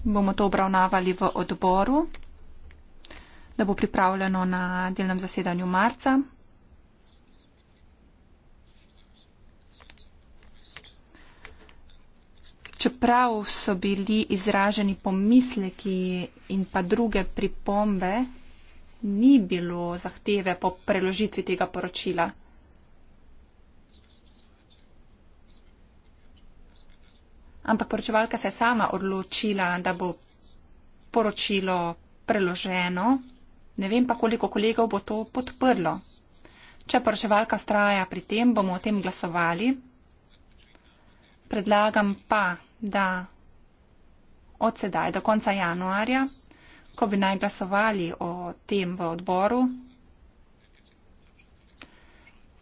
bomo to obravnavali v odboru, da bo pripravljeno na delnem zasedanju marca. Čeprav so bili izraženi pomisleki in pa druge pripombe, ni bilo zahteve po preložitvi tega poročila. ampak poročevalka se je sama odločila, da bo poročilo preloženo. Ne vem pa, koliko kolegov bo to podprlo. Če poročevalka straja pri tem, bomo o tem glasovali. Predlagam pa, da od sedaj do konca januarja, ko bi naj glasovali o tem v odboru,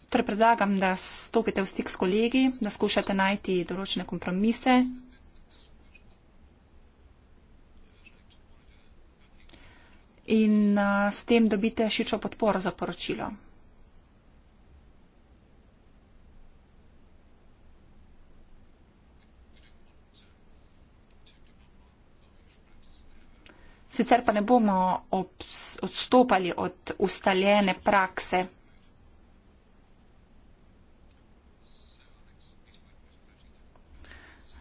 Torej predlagam, da stopite v stik s kolegi, da skušate najti določene kompromise. In uh, s tem dobite širšo podporo za poročilo. Sicer pa ne bomo odstopali od ustaljene prakse.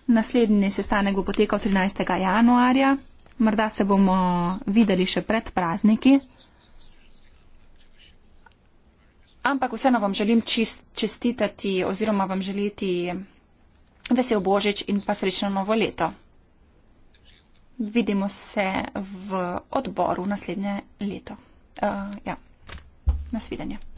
Naslednji sestanek bo potekal 13. januarja. Morda se bomo videli še pred prazniki. Ampak vseeno vam želim čist, čestitati oziroma vam želiti vesel božič in pa srečno novo leto. Vidimo se v odboru naslednje leto. Uh, ja. Nasvidenje.